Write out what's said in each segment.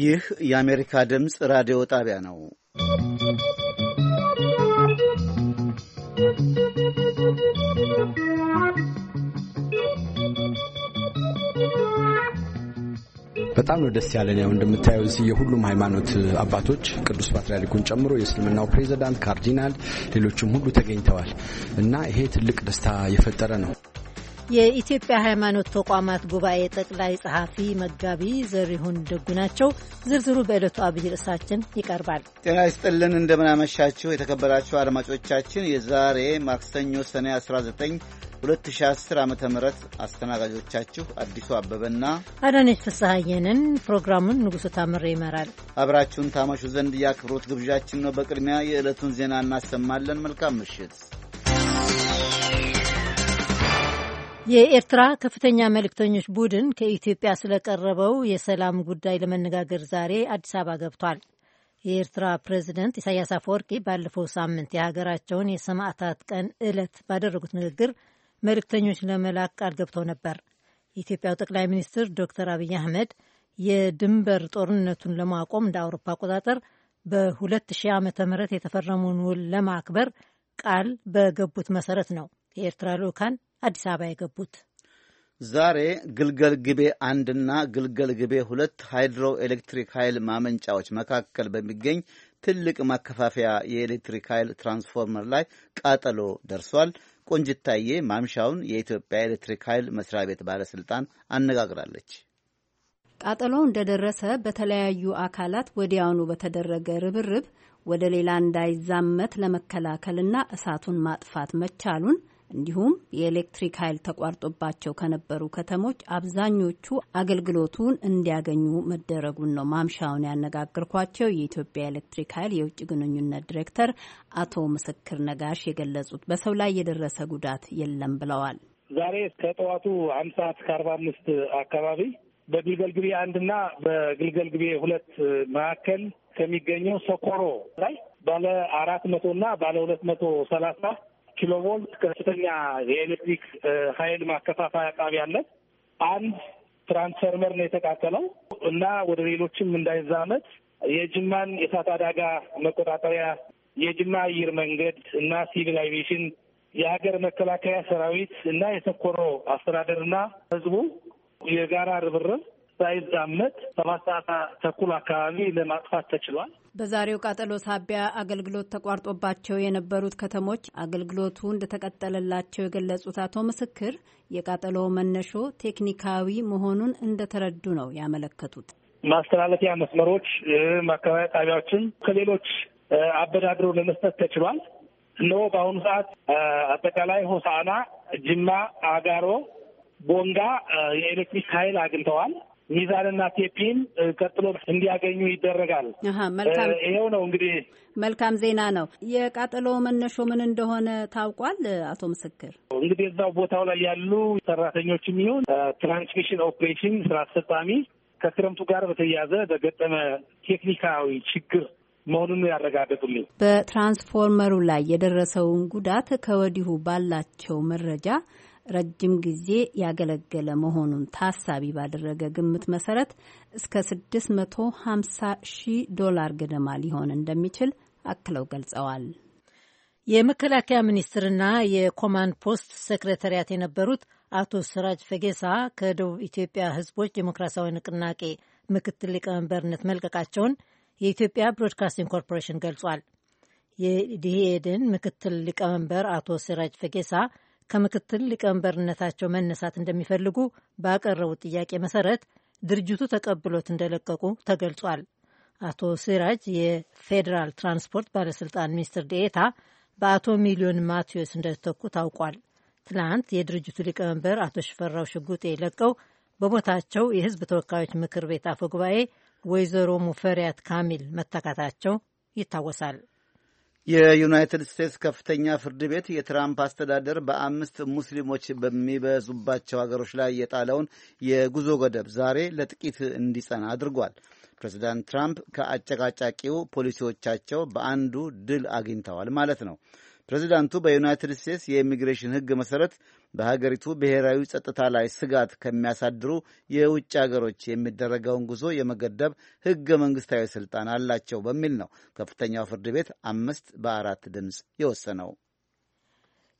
ይህ የአሜሪካ ድምፅ ራዲዮ ጣቢያ ነው። በጣም ነው ደስ ያለን። ያው እንደምታየው እዚህ የሁሉም ሃይማኖት አባቶች ቅዱስ ፓትርያርኩን ጨምሮ የእስልምናው ፕሬዚዳንት፣ ካርዲናል፣ ሌሎችም ሁሉ ተገኝተዋል እና ይሄ ትልቅ ደስታ የፈጠረ ነው። የኢትዮጵያ ሃይማኖት ተቋማት ጉባኤ ጠቅላይ ጸሐፊ መጋቢ ዘሪሁን ደጉ ናቸው። ዝርዝሩ በዕለቱ አብይ ርዕሳችን ይቀርባል። ጤና ይስጥልን፣ እንደምናመሻችሁ የተከበራችሁ አድማጮቻችን የዛሬ ማክሰኞ ሰኔ 19 2010 ዓ ም አስተናጋጆቻችሁ አዲሱ አበበና አዳነች ፍስሐየንን። ፕሮግራሙን ንጉሥ ታምሬ ይመራል። አብራችሁን ታመሹ ዘንድ የአክብሮት ግብዣችን ነው። በቅድሚያ የዕለቱን ዜና እናሰማለን። መልካም ምሽት። የኤርትራ ከፍተኛ መልእክተኞች ቡድን ከኢትዮጵያ ስለቀረበው የሰላም ጉዳይ ለመነጋገር ዛሬ አዲስ አበባ ገብቷል። የኤርትራ ፕሬዚደንት ኢሳያስ አፈወርቂ ባለፈው ሳምንት የሀገራቸውን የሰማዕታት ቀን ዕለት ባደረጉት ንግግር መልእክተኞች ለመላክ ቃል ገብተው ነበር። የኢትዮጵያው ጠቅላይ ሚኒስትር ዶክተር አብይ አህመድ የድንበር ጦርነቱን ለማቆም እንደ አውሮፓ አቆጣጠር በ2000 ዓ ም የተፈረመውን ውል ለማክበር ቃል በገቡት መሰረት ነው የኤርትራ ልኡካን አዲስ አበባ የገቡት። ዛሬ ግልገል ግቤ አንድና ግልገል ግቤ ሁለት ሃይድሮ ኤሌክትሪክ ኃይል ማመንጫዎች መካከል በሚገኝ ትልቅ ማከፋፈያ የኤሌክትሪክ ኃይል ትራንስፎርመር ላይ ቃጠሎ ደርሷል። ቆንጅታዬ ማምሻውን የኢትዮጵያ ኤሌክትሪክ ኃይል መስሪያ ቤት ባለስልጣን አነጋግራለች። ቃጠሎ እንደደረሰ በተለያዩ አካላት ወዲያውኑ በተደረገ ርብርብ ወደ ሌላ እንዳይዛመት ለመከላከልና እሳቱን ማጥፋት መቻሉን እንዲሁም የኤሌክትሪክ ኃይል ተቋርጦባቸው ከነበሩ ከተሞች አብዛኞቹ አገልግሎቱን እንዲያገኙ መደረጉን ነው ማምሻውን ያነጋግርኳቸው የኢትዮጵያ ኤሌክትሪክ ኃይል የውጭ ግንኙነት ዲሬክተር አቶ ምስክር ነጋሽ የገለጹት። በሰው ላይ የደረሰ ጉዳት የለም ብለዋል። ዛሬ ከጠዋቱ አምስት ሰዓት ከአርባ አምስት አካባቢ በግልገል ግቤ አንድና በግልገል ግቤ ሁለት መካከል ከሚገኘው ሰኮሮ ላይ ባለ አራት መቶ እና ባለ ሁለት መቶ ሰላሳ ኪሎ ቮልት ከፍተኛ የኤሌክትሪክ ኃይል ማከፋፈያ ጣቢያ አለ። አንድ ትራንስፈርመር ነው የተቃጠለው እና ወደ ሌሎችም እንዳይዛመት የጅማን የእሳት አደጋ መቆጣጠሪያ የጅማ አየር መንገድ እና ሲቪል አቪዬሽን የሀገር መከላከያ ሰራዊት እና የተኮሮ አስተዳደር እና ህዝቡ የጋራ ርብርብ ሳይዛመት ሰባት ሰዓት ተኩል አካባቢ ለማጥፋት ተችሏል። በዛሬው ቃጠሎ ሳቢያ አገልግሎት ተቋርጦባቸው የነበሩት ከተሞች አገልግሎቱ እንደተቀጠለላቸው የገለጹት አቶ ምስክር የቃጠሎ መነሾ ቴክኒካዊ መሆኑን እንደተረዱ ነው ያመለከቱት። ማስተላለፊያ መስመሮች፣ ማከባቢያ ጣቢያዎችን ከሌሎች አበዳድሮ ለመስጠት ተችሏል። እነሆ በአሁኑ ሰዓት አጠቃላይ ሆሳና፣ ጅማ፣ አጋሮ፣ ቦንጋ የኤሌክትሪክ ኃይል አግኝተዋል። ሚዛንና ቴፒን ቀጥሎ እንዲያገኙ ይደረጋል። ይኸው ነው እንግዲህ መልካም ዜና ነው። የቃጠሎ መነሾ ምን እንደሆነ ታውቋል? አቶ ምስክር እንግዲህ እዛው ቦታው ላይ ያሉ ሰራተኞችም ይሁን ትራንስሚሽን ኦፕሬሽን ስራ አስፈጻሚ ከክረምቱ ጋር በተያያዘ በገጠመ ቴክኒካዊ ችግር መሆኑን ያረጋገጡልኝ። በትራንስፎርመሩ ላይ የደረሰውን ጉዳት ከወዲሁ ባላቸው መረጃ ረጅም ጊዜ ያገለገለ መሆኑን ታሳቢ ባደረገ ግምት መሰረት እስከ 650 ሺህ ዶላር ገደማ ሊሆን እንደሚችል አክለው ገልጸዋል። የመከላከያ ሚኒስትርና የኮማንድ ፖስት ሰክሬታሪያት የነበሩት አቶ ስራጅ ፈጌሳ ከደቡብ ኢትዮጵያ ሕዝቦች ዴሞክራሲያዊ ንቅናቄ ምክትል ሊቀመንበርነት መልቀቃቸውን የኢትዮጵያ ብሮድካስቲንግ ኮርፖሬሽን ገልጿል። የዲሄድን ምክትል ሊቀመንበር አቶ ስራጅ ፈጌሳ ከምክትል ሊቀመንበርነታቸው መነሳት እንደሚፈልጉ ባቀረቡት ጥያቄ መሰረት ድርጅቱ ተቀብሎት እንደለቀቁ ተገልጿል። አቶ ሲራጅ የፌዴራል ትራንስፖርት ባለስልጣን ሚኒስትር ዴኤታ በአቶ ሚሊዮን ማቴዎስ እንደተተኩ ታውቋል። ትናንት የድርጅቱ ሊቀመንበር አቶ ሽፈራው ሽጉጤ ለቀው በቦታቸው የሕዝብ ተወካዮች ምክር ቤት አፈ ጉባኤ ወይዘሮ ሙፈሪያት ካሚል መተካታቸው ይታወሳል። የዩናይትድ ስቴትስ ከፍተኛ ፍርድ ቤት የትራምፕ አስተዳደር በአምስት ሙስሊሞች በሚበዙባቸው ሀገሮች ላይ የጣለውን የጉዞ ገደብ ዛሬ ለጥቂት እንዲጸና አድርጓል። ፕሬዚዳንት ትራምፕ ከአጨቃጫቂው ፖሊሲዎቻቸው በአንዱ ድል አግኝተዋል ማለት ነው። ፕሬዚዳንቱ በዩናይትድ ስቴትስ የኢሚግሬሽን ሕግ መሠረት በሀገሪቱ ብሔራዊ ጸጥታ ላይ ስጋት ከሚያሳድሩ የውጭ አገሮች የሚደረገውን ጉዞ የመገደብ ሕገ መንግሥታዊ ሥልጣን አላቸው በሚል ነው ከፍተኛው ፍርድ ቤት አምስት በአራት ድምፅ የወሰነው።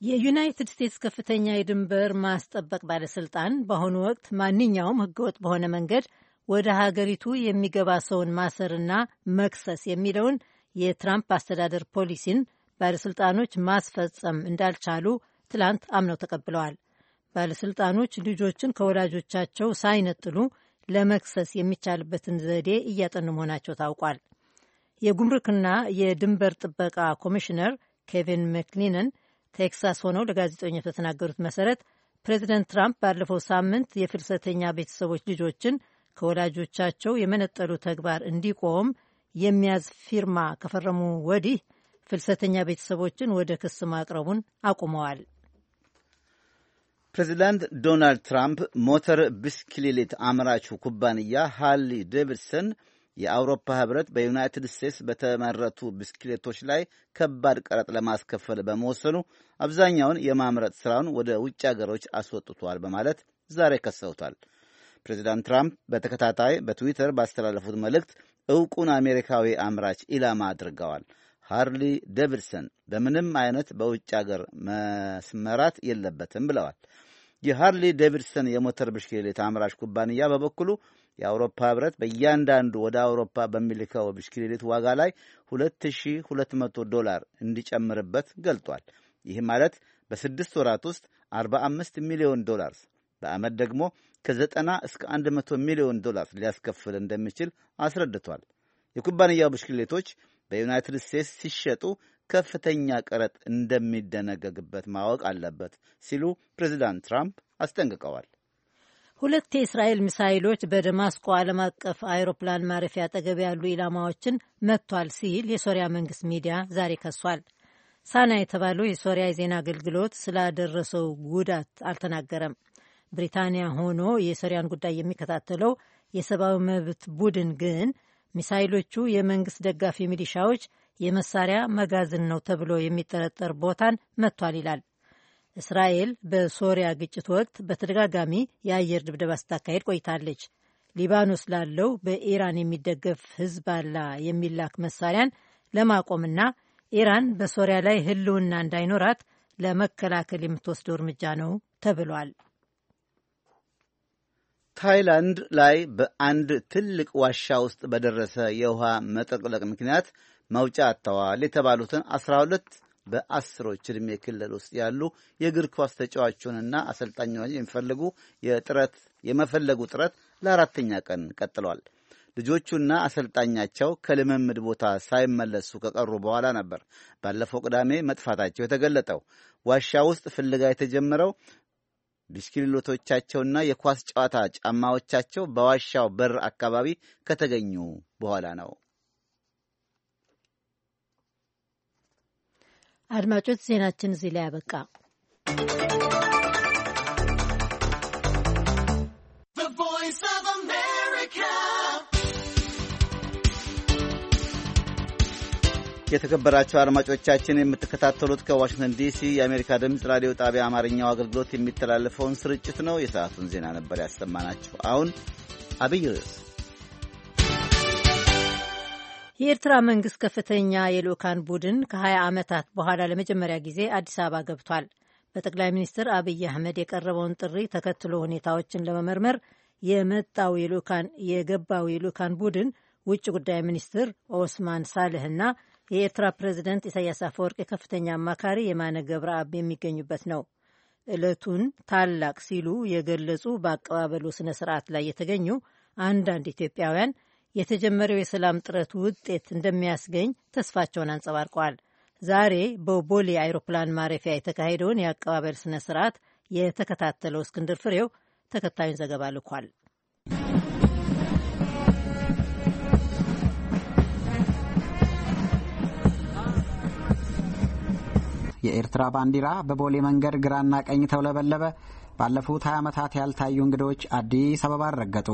የዩናይትድ ስቴትስ ከፍተኛ የድንበር ማስጠበቅ ባለሥልጣን በአሁኑ ወቅት ማንኛውም ሕገወጥ በሆነ መንገድ ወደ ሀገሪቱ የሚገባ ሰውን ማሰርና መክሰስ የሚለውን የትራምፕ አስተዳደር ፖሊሲን ባለሥልጣኖች ማስፈጸም እንዳልቻሉ ትላንት አምነው ተቀብለዋል። ባለሥልጣኖች ልጆችን ከወላጆቻቸው ሳይነጥሉ ለመክሰስ የሚቻልበትን ዘዴ እያጠኑ መሆናቸው ታውቋል። የጉምሩክና የድንበር ጥበቃ ኮሚሽነር ኬቪን መክሊነን ቴክሳስ ሆነው ለጋዜጠኞች በተናገሩት መሰረት ፕሬዚደንት ትራምፕ ባለፈው ሳምንት የፍልሰተኛ ቤተሰቦች ልጆችን ከወላጆቻቸው የመነጠሉ ተግባር እንዲቆም የሚያዝ ፊርማ ከፈረሙ ወዲህ ፍልሰተኛ ቤተሰቦችን ወደ ክስ ማቅረቡን አቁመዋል። ፕሬዚዳንት ዶናልድ ትራምፕ ሞተር ብስክሌት አምራቹ ኩባንያ ሃሊ ዴቪድሰን የአውሮፓ ህብረት በዩናይትድ ስቴትስ በተመረቱ ብስክሌቶች ላይ ከባድ ቀረጥ ለማስከፈል በመወሰኑ አብዛኛውን የማምረት ሥራውን ወደ ውጭ አገሮች አስወጥቷል በማለት ዛሬ ከሰውታል። ፕሬዚዳንት ትራምፕ በተከታታይ በትዊተር ባስተላለፉት መልእክት እውቁን አሜሪካዊ አምራች ኢላማ አድርገዋል። ሃርሊ ዴቪድሰን በምንም አይነት በውጭ አገር መስመራት የለበትም ብለዋል። የሃርሊ ዴቪድሰን የሞተር ብሽክሌት አምራች ኩባንያ በበኩሉ የአውሮፓ ህብረት በእያንዳንዱ ወደ አውሮፓ በሚልከው ብሽክሌት ዋጋ ላይ 2200 ዶላር እንዲጨምርበት ገልጧል። ይህ ማለት በስድስት ወራት ውስጥ 45 ሚሊዮን ዶላርስ በዓመት ደግሞ ከዘጠና እስከ 100 ሚሊዮን ዶላርስ ሊያስከፍል እንደሚችል አስረድቷል። የኩባንያው ብሽክሌቶች በዩናይትድ ስቴትስ ሲሸጡ ከፍተኛ ቀረጥ እንደሚደነገግበት ማወቅ አለበት ሲሉ ፕሬዚዳንት ትራምፕ አስጠንቅቀዋል። ሁለት የእስራኤል ሚሳይሎች በደማስቆ ዓለም አቀፍ አውሮፕላን ማረፊያ አጠገብ ያሉ ኢላማዎችን መጥቷል ሲል የሶሪያ መንግስት ሚዲያ ዛሬ ከሷል። ሳና የተባለው የሶሪያ የዜና አገልግሎት ስላደረሰው ጉዳት አልተናገረም። ብሪታንያ ሆኖ የሶሪያን ጉዳይ የሚከታተለው የሰብአዊ መብት ቡድን ግን ሚሳይሎቹ የመንግስት ደጋፊ ሚሊሻዎች የመሳሪያ መጋዘን ነው ተብሎ የሚጠረጠር ቦታን መጥቷል ይላል። እስራኤል በሶሪያ ግጭት ወቅት በተደጋጋሚ የአየር ድብደባ ስታካሄድ ቆይታለች። ሊባኖስ ላለው በኢራን የሚደገፍ ህዝባላ የሚላክ መሳሪያን ለማቆምና ኢራን በሶሪያ ላይ ህልውና እንዳይኖራት ለመከላከል የምትወስደው እርምጃ ነው ተብሏል። ታይላንድ ላይ በአንድ ትልቅ ዋሻ ውስጥ በደረሰ የውሃ መጠቅለቅ ምክንያት መውጫ አጥተዋል የተባሉትን 12 በአስሮች ዕድሜ ክልል ውስጥ ያሉ የእግር ኳስ ተጫዋቹንና አሰልጣኝ የሚፈልጉ የጥረት የመፈለጉ ጥረት ለአራተኛ ቀን ቀጥሏል። ልጆቹና አሰልጣኛቸው ከልምምድ ቦታ ሳይመለሱ ከቀሩ በኋላ ነበር ባለፈው ቅዳሜ መጥፋታቸው የተገለጠው። ዋሻ ውስጥ ፍለጋ የተጀመረው ብስክሌቶቻቸውና የኳስ ጨዋታ ጫማዎቻቸው በዋሻው በር አካባቢ ከተገኙ በኋላ ነው። አድማጮች ዜናችን እዚህ ላይ አበቃ! የተከበራቸው አድማጮቻችን የምትከታተሉት ከዋሽንግተን ዲሲ የአሜሪካ ድምፅ ራዲዮ ጣቢያ አማርኛው አገልግሎት የሚተላለፈውን ስርጭት ነው። የሰዓቱን ዜና ነበር ያሰማናችሁ። አሁን አብይ ርዕስ የኤርትራ መንግስት ከፍተኛ የልኡካን ቡድን ከ20 ዓመታት በኋላ ለመጀመሪያ ጊዜ አዲስ አበባ ገብቷል። በጠቅላይ ሚኒስትር አብይ አህመድ የቀረበውን ጥሪ ተከትሎ ሁኔታዎችን ለመመርመር የመጣው የልኡካን የገባው የልኡካን ቡድን ውጭ ጉዳይ ሚኒስትር ኦስማን ሳልህና የኤርትራ ፕሬዚደንት ኢሳያስ አፈወርቅ ከፍተኛ አማካሪ የማነ ገብረአብ የሚገኙበት ነው። ዕለቱን ታላቅ ሲሉ የገለጹ በአቀባበሉ ስነ ስርዓት ላይ የተገኙ አንዳንድ ኢትዮጵያውያን የተጀመረው የሰላም ጥረት ውጤት እንደሚያስገኝ ተስፋቸውን አንጸባርቀዋል። ዛሬ በቦሌ አይሮፕላን ማረፊያ የተካሄደውን የአቀባበል ስነ ስርዓት የተከታተለው እስክንድር ፍሬው ተከታዩን ዘገባ ልኳል። የኤርትራ ባንዲራ በቦሌ መንገድ ግራና ቀኝ ተውለበለበ። ባለፉት 20 ዓመታት ያልታዩ እንግዶች አዲስ አበባ አረገጡ።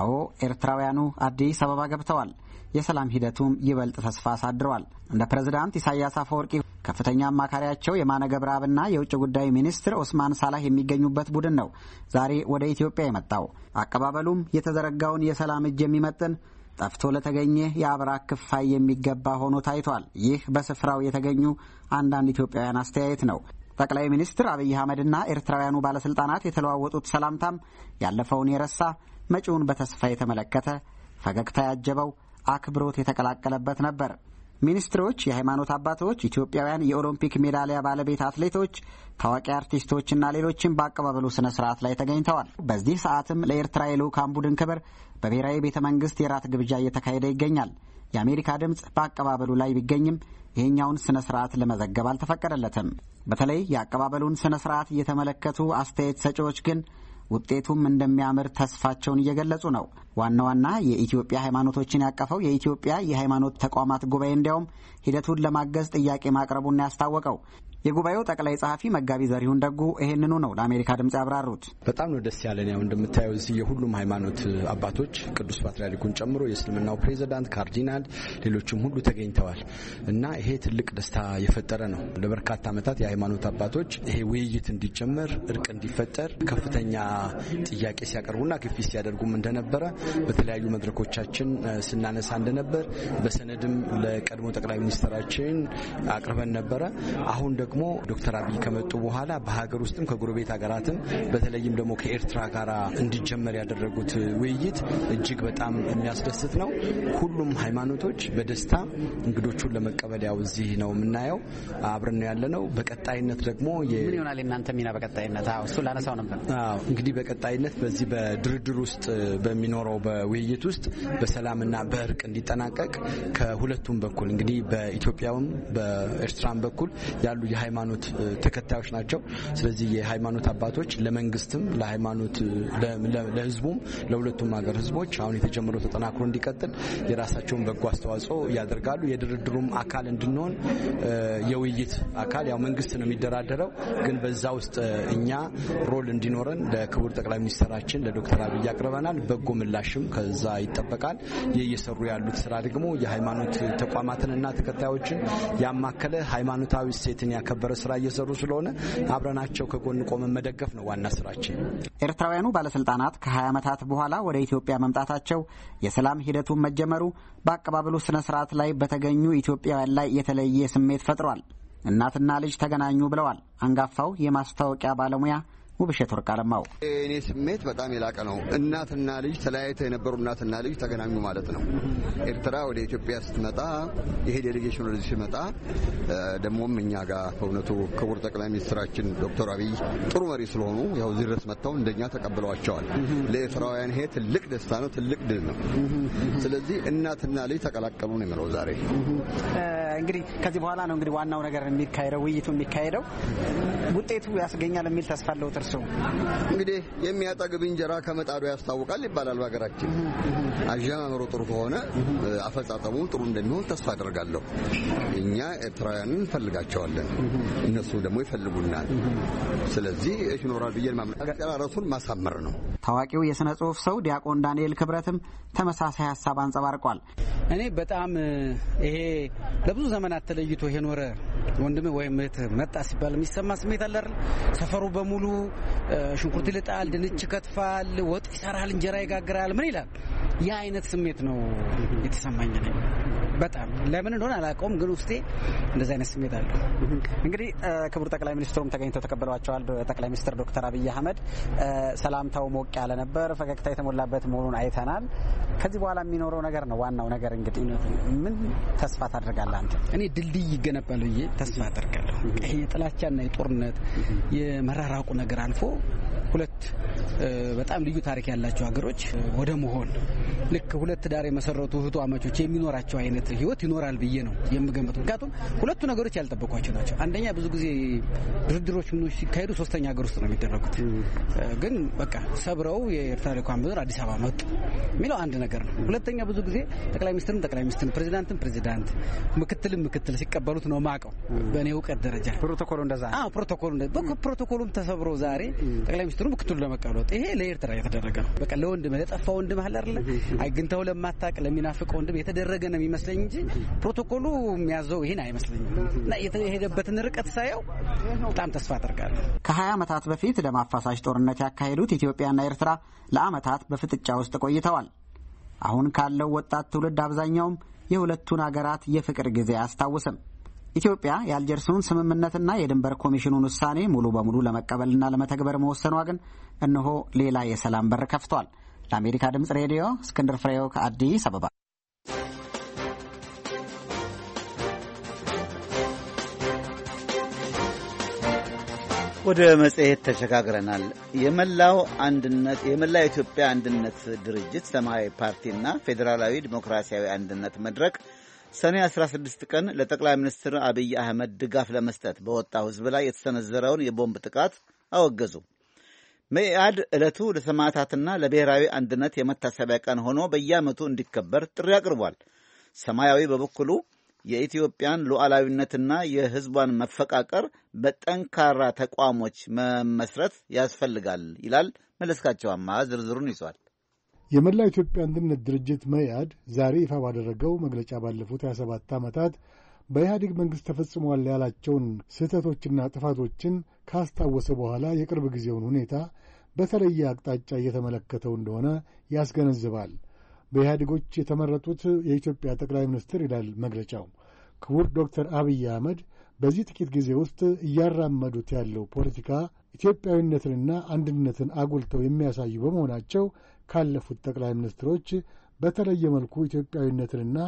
አዎ ኤርትራውያኑ አዲስ አበባ ገብተዋል። የሰላም ሂደቱም ይበልጥ ተስፋ አሳድረዋል። እንደ ፕሬዝዳንት ኢሳያስ አፈወርቂ ከፍተኛ አማካሪያቸው የማነ ገብረአብና የውጭ ጉዳይ ሚኒስትር ኦስማን ሳላህ የሚገኙበት ቡድን ነው ዛሬ ወደ ኢትዮጵያ የመጣው። አቀባበሉም የተዘረጋውን የሰላም እጅ የሚመጥን ጠፍቶ ለተገኘ የአብራክ ክፋይ የሚገባ ሆኖ ታይቷል። ይህ በስፍራው የተገኙ አንዳንድ ኢትዮጵያውያን አስተያየት ነው። ጠቅላይ ሚኒስትር አብይ አህመድና ኤርትራውያኑ ባለስልጣናት የተለዋወጡት ሰላምታም ያለፈውን የረሳ መጪውን በተስፋ የተመለከተ ፈገግታ ያጀበው አክብሮት የተቀላቀለበት ነበር። ሚኒስትሮች፣ የሃይማኖት አባቶች፣ ኢትዮጵያውያን የኦሎምፒክ ሜዳሊያ ባለቤት አትሌቶች፣ ታዋቂ አርቲስቶችና ሌሎችም በአቀባበሉ ስነ ስርዓት ላይ ተገኝተዋል። በዚህ ሰዓትም ለኤርትራ የልዑካን ቡድን ክብር በብሔራዊ ቤተ መንግስት የራት ግብዣ እየተካሄደ ይገኛል። የአሜሪካ ድምፅ በአቀባበሉ ላይ ቢገኝም ይህኛውን ስነ ስርዓት ለመዘገብ አልተፈቀደለትም። በተለይ የአቀባበሉን ስነ ስርዓት እየተመለከቱ አስተያየት ሰጪዎች ግን ውጤቱም እንደሚያምር ተስፋቸውን እየገለጹ ነው። ዋና ዋና የኢትዮጵያ ሃይማኖቶችን ያቀፈው የኢትዮጵያ የሃይማኖት ተቋማት ጉባኤ እንዲያውም ሂደቱን ለማገዝ ጥያቄ ማቅረቡን ያስታወቀው የጉባኤው ጠቅላይ ጸሐፊ መጋቢ ዘሪሁን ደጉ ይህንኑ ነው ለአሜሪካ ድምፅ ያብራሩት። በጣም ነው ደስ ያለን። ያው እንደምታየው እዚህ የሁሉም ሃይማኖት አባቶች ቅዱስ ፓትርያርኩን ጨምሮ የእስልምናው ፕሬዚዳንት፣ ካርዲናል፣ ሌሎችም ሁሉ ተገኝተዋል እና ይሄ ትልቅ ደስታ የፈጠረ ነው። ለበርካታ ዓመታት የሃይማኖት አባቶች ይሄ ውይይት እንዲጀመር፣ እርቅ እንዲፈጠር ከፍተኛ ጥያቄ ሲያቀርቡና ግፊት ሲያደርጉም እንደነበረ በተለያዩ መድረኮቻችን ስናነሳ እንደነበር በሰነድም ለቀድሞ ጠቅላይ ሚኒስትራችን አቅርበን ነበረ። አሁን ደግሞ ደግሞ ዶክተር አብይ ከመጡ በኋላ በሀገር ውስጥም ከጎረቤት ሀገራትም በተለይም ደግሞ ከኤርትራ ጋር እንዲጀመር ያደረጉት ውይይት እጅግ በጣም የሚያስደስት ነው። ሁሉም ሃይማኖቶች በደስታ እንግዶቹን ለመቀበል ያው እዚህ ነው የምናየው፣ አብረን ነው ያለ ነው። በቀጣይነት ደግሞ ምን ይሆናል የእናንተ ሚና በቀጣይነት? እሱ ላነሳው ነበር። እንግዲህ በቀጣይነት በዚህ በድርድር ውስጥ በሚኖረው በውይይት ውስጥ በሰላምና በእርቅ እንዲጠናቀቅ ከሁለቱም በኩል እንግዲህ በኢትዮጵያውም በኤርትራም በኩል ያሉ የሃይማኖት ተከታዮች ናቸው። ስለዚህ የሃይማኖት አባቶች ለመንግስትም፣ ለሃይማኖት ለህዝቡም፣ ለሁለቱም ሀገር ህዝቦች አሁን የተጀመረው ተጠናክሮ እንዲቀጥል የራሳቸውን በጎ አስተዋጽኦ ያደርጋሉ። የድርድሩም አካል እንድንሆን የውይይት አካል ያው መንግስት ነው የሚደራደረው፣ ግን በዛ ውስጥ እኛ ሮል እንዲኖረን ለክቡር ጠቅላይ ሚኒስትራችን ለዶክተር አብይ አቅርበናል። በጎ ምላሽም ከዛ ይጠበቃል። እየሰሩ ያሉት ስራ ደግሞ የሃይማኖት ተቋማትንና ተከታዮችን ያማከለ ሃይማኖታዊ ሴትን ያከበረ ስራ እየሰሩ ስለሆነ አብረናቸው ከጎን ቆመን መደገፍ ነው ዋና ስራችን። ኤርትራውያኑ ባለስልጣናት ከ20 ዓመታት በኋላ ወደ ኢትዮጵያ መምጣታቸው፣ የሰላም ሂደቱን መጀመሩ በአቀባበሉ ስነ ስርዓት ላይ በተገኙ ኢትዮጵያውያን ላይ የተለየ ስሜት ፈጥሯል። እናትና ልጅ ተገናኙ ብለዋል አንጋፋው የማስታወቂያ ባለሙያ ውብሸት ወርቅ አለማው እኔ ስሜት በጣም የላቀ ነው። እናትና ልጅ ተለያይተው የነበሩ እናትና ልጅ ተገናኙ ማለት ነው። ኤርትራ ወደ ኢትዮጵያ ስትመጣ ይሄ ዴሌጌሽን ወደዚህ ሲመጣ ደግሞም እኛ ጋር በእውነቱ ክቡር ጠቅላይ ሚኒስትራችን ዶክተር አብይ ጥሩ መሪ ስለሆኑ ያው እዚህ ድረስ መጥተው እንደኛ ተቀብለዋቸዋል። ለኤርትራውያን ይሄ ትልቅ ደስታ ነው፣ ትልቅ ድል ነው። ስለዚህ እናትና ልጅ ተቀላቀሉ ነው የሚለው ዛሬ እንግዲህ ከዚህ በኋላ ነው እንግዲህ ዋናው ነገር የሚካሄደው ውይይቱ የሚካሄደው ውጤቱ ያስገኛል የሚል ተስፋ አለው። የሚደርሰው። እንግዲህ የሚያጠግብ እንጀራ ከመጣዱ ያስታውቃል ይባላል በሀገራችን። አጀማመሩ ጥሩ ከሆነ አፈጻጸሙ ጥሩ እንደሚሆን ተስፋ አደርጋለሁ። እኛ ኤርትራውያንን እንፈልጋቸዋለን፣ እነሱ ደግሞ ይፈልጉናል። ስለዚህ ይኖራል ብዬ አጨራረሱን ማሳመር ነው። ታዋቂው የሥነ ጽሁፍ ሰው ዲያቆን ዳንኤል ክብረትም ተመሳሳይ ሀሳብ አንጸባርቋል። እኔ በጣም ይሄ ለብዙ ዘመናት ተለይቶ የኖረ ወንድም ወይም መጣ ሲባል የሚሰማ ስሜት አለ አይደል? ሰፈሩ በሙሉ ሽንኩርት ይልጣል፣ ድንች ከትፋል፣ ወጥ ይሰራል፣ እንጀራ ይጋግራል። ምን ይላል? ያ አይነት ስሜት ነው የተሰማኝ ነኝ። በጣም ለምን እንደሆነ አላውቀውም፣ ግን ውስጤ እንደዚህ አይነት ስሜት አለ። እንግዲህ ክቡር ጠቅላይ ሚኒስትሩም ተገኝተው ተቀብለዋቸዋል። ጠቅላይ ሚኒስትር ዶክተር አብይ አህመድ ሰላምታው ሞቅ ያለ ነበር፣ ፈገግታ የተሞላበት መሆኑን አይተናል። ከዚህ በኋላ የሚኖረው ነገር ነው ዋናው ነገር። እንግዲህ ምን ተስፋ ታደርጋለህ አንተ? እኔ ድልድይ ይገነባል ብዬ ተስፋ አደርጋለሁ። ይሄ የጥላቻና የጦርነት የመራራቁ ነገር አልፎ ሁለት በጣም ልዩ ታሪክ ያላቸው ሀገሮች ወደ መሆን ልክ ሁለት ዳር የመሰረቱ እህቱ አማቾች የሚኖራቸው አይነት ህይወት ይኖራል ብዬ ነው የምገምት። ምክንያቱም ሁለቱ ነገሮች ያልጠበቋቸው ናቸው። አንደኛ ብዙ ጊዜ ድርድሮች ምኖ ሲካሄዱ ሶስተኛ ሀገር ውስጥ ነው የሚደረጉት። ግን በቃ ሰብረው የኤርትራ ልዑክ አምባሳደር አዲስ አበባ መጡ የሚለው አንድ ነገር ነው። ሁለተኛ ብዙ ጊዜ ጠቅላይ ሚኒስትርም ጠቅላይ ሚኒስትር፣ ፕሬዚዳንትም ፕሬዚዳንት፣ ምክትልም ምክትል ሲቀበሉት ነው ማቀው በእኔ እውቀት ደረጃ ፕሮቶኮሉ እንደዛ ነው። ፕሮቶኮሉ ፕሮቶኮሉም ተሰብሮ ዛሬ ጠቅላይ ሚኒስትሩ ምክትሉ ለመቀበል ይሄ ለኤርትራ የተደረገ ነው። በቃ ለወንድምህ ለጠፋ ወንድምህ አለ አይደለ ተው ለማታቅ ለሚናፍቅ ወንድም የተደረገ ነው የሚመስለኝ እንጂ ፕሮቶኮሉ የሚያዘው ይህን አይመስለኝም እና የተሄደበትን ርቀት ሳየው በጣም ተስፋ አደርጋለሁ። ከሀያ ዓመታት በፊት ደም አፋሳሽ ጦርነት ያካሄዱት ኢትዮጵያና ኤርትራ ለዓመታት በፍጥጫ ውስጥ ቆይተዋል። አሁን ካለው ወጣት ትውልድ አብዛኛውም የሁለቱን አገራት የፍቅር ጊዜ አያስታውስም። ኢትዮጵያ የአልጀርሱን ስምምነትና የድንበር ኮሚሽኑን ውሳኔ ሙሉ በሙሉ ለመቀበልና ለመተግበር መወሰኗ ግን እነሆ ሌላ የሰላም በር ከፍቷል። ለአሜሪካ ድምፅ ሬዲዮ እስክንድር ፍሬው ከአዲስ አበባ። ወደ መጽሔት ተሸጋግረናል። የመላው አንድነት የመላው ኢትዮጵያ አንድነት ድርጅት ሰማያዊ ፓርቲና ፌዴራላዊ ዲሞክራሲያዊ አንድነት መድረክ ሰኔ 16 ቀን ለጠቅላይ ሚኒስትር አብይ አህመድ ድጋፍ ለመስጠት በወጣው ሕዝብ ላይ የተሰነዘረውን የቦምብ ጥቃት አወገዙ። መኢአድ ዕለቱ ለሰማዕታትና ለብሔራዊ አንድነት የመታሰቢያ ቀን ሆኖ በየዓመቱ እንዲከበር ጥሪ አቅርቧል። ሰማያዊ በበኩሉ የኢትዮጵያን ሉዓላዊነትና የሕዝቧን መፈቃቀር በጠንካራ ተቋሞች መመስረት ያስፈልጋል ይላል። መለስካቸዋማ ዝርዝሩን ይዟል። የመላው ኢትዮጵያ አንድነት ድርጅት መኢአድ ዛሬ ይፋ ባደረገው መግለጫ ባለፉት 27 ዓመታት በኢህአዴግ መንግሥት ተፈጽሟል ያላቸውን ስህተቶችና ጥፋቶችን ካስታወሰ በኋላ የቅርብ ጊዜውን ሁኔታ በተለየ አቅጣጫ እየተመለከተው እንደሆነ ያስገነዝባል። በኢህአዴጎች የተመረጡት የኢትዮጵያ ጠቅላይ ሚኒስትር ይላል መግለጫው፣ ክቡር ዶክተር አብይ አህመድ በዚህ ጥቂት ጊዜ ውስጥ እያራመዱት ያለው ፖለቲካ ኢትዮጵያዊነትንና አንድነትን አጉልተው የሚያሳዩ በመሆናቸው ካለፉት ጠቅላይ ሚኒስትሮች በተለየ መልኩ ኢትዮጵያዊነትንና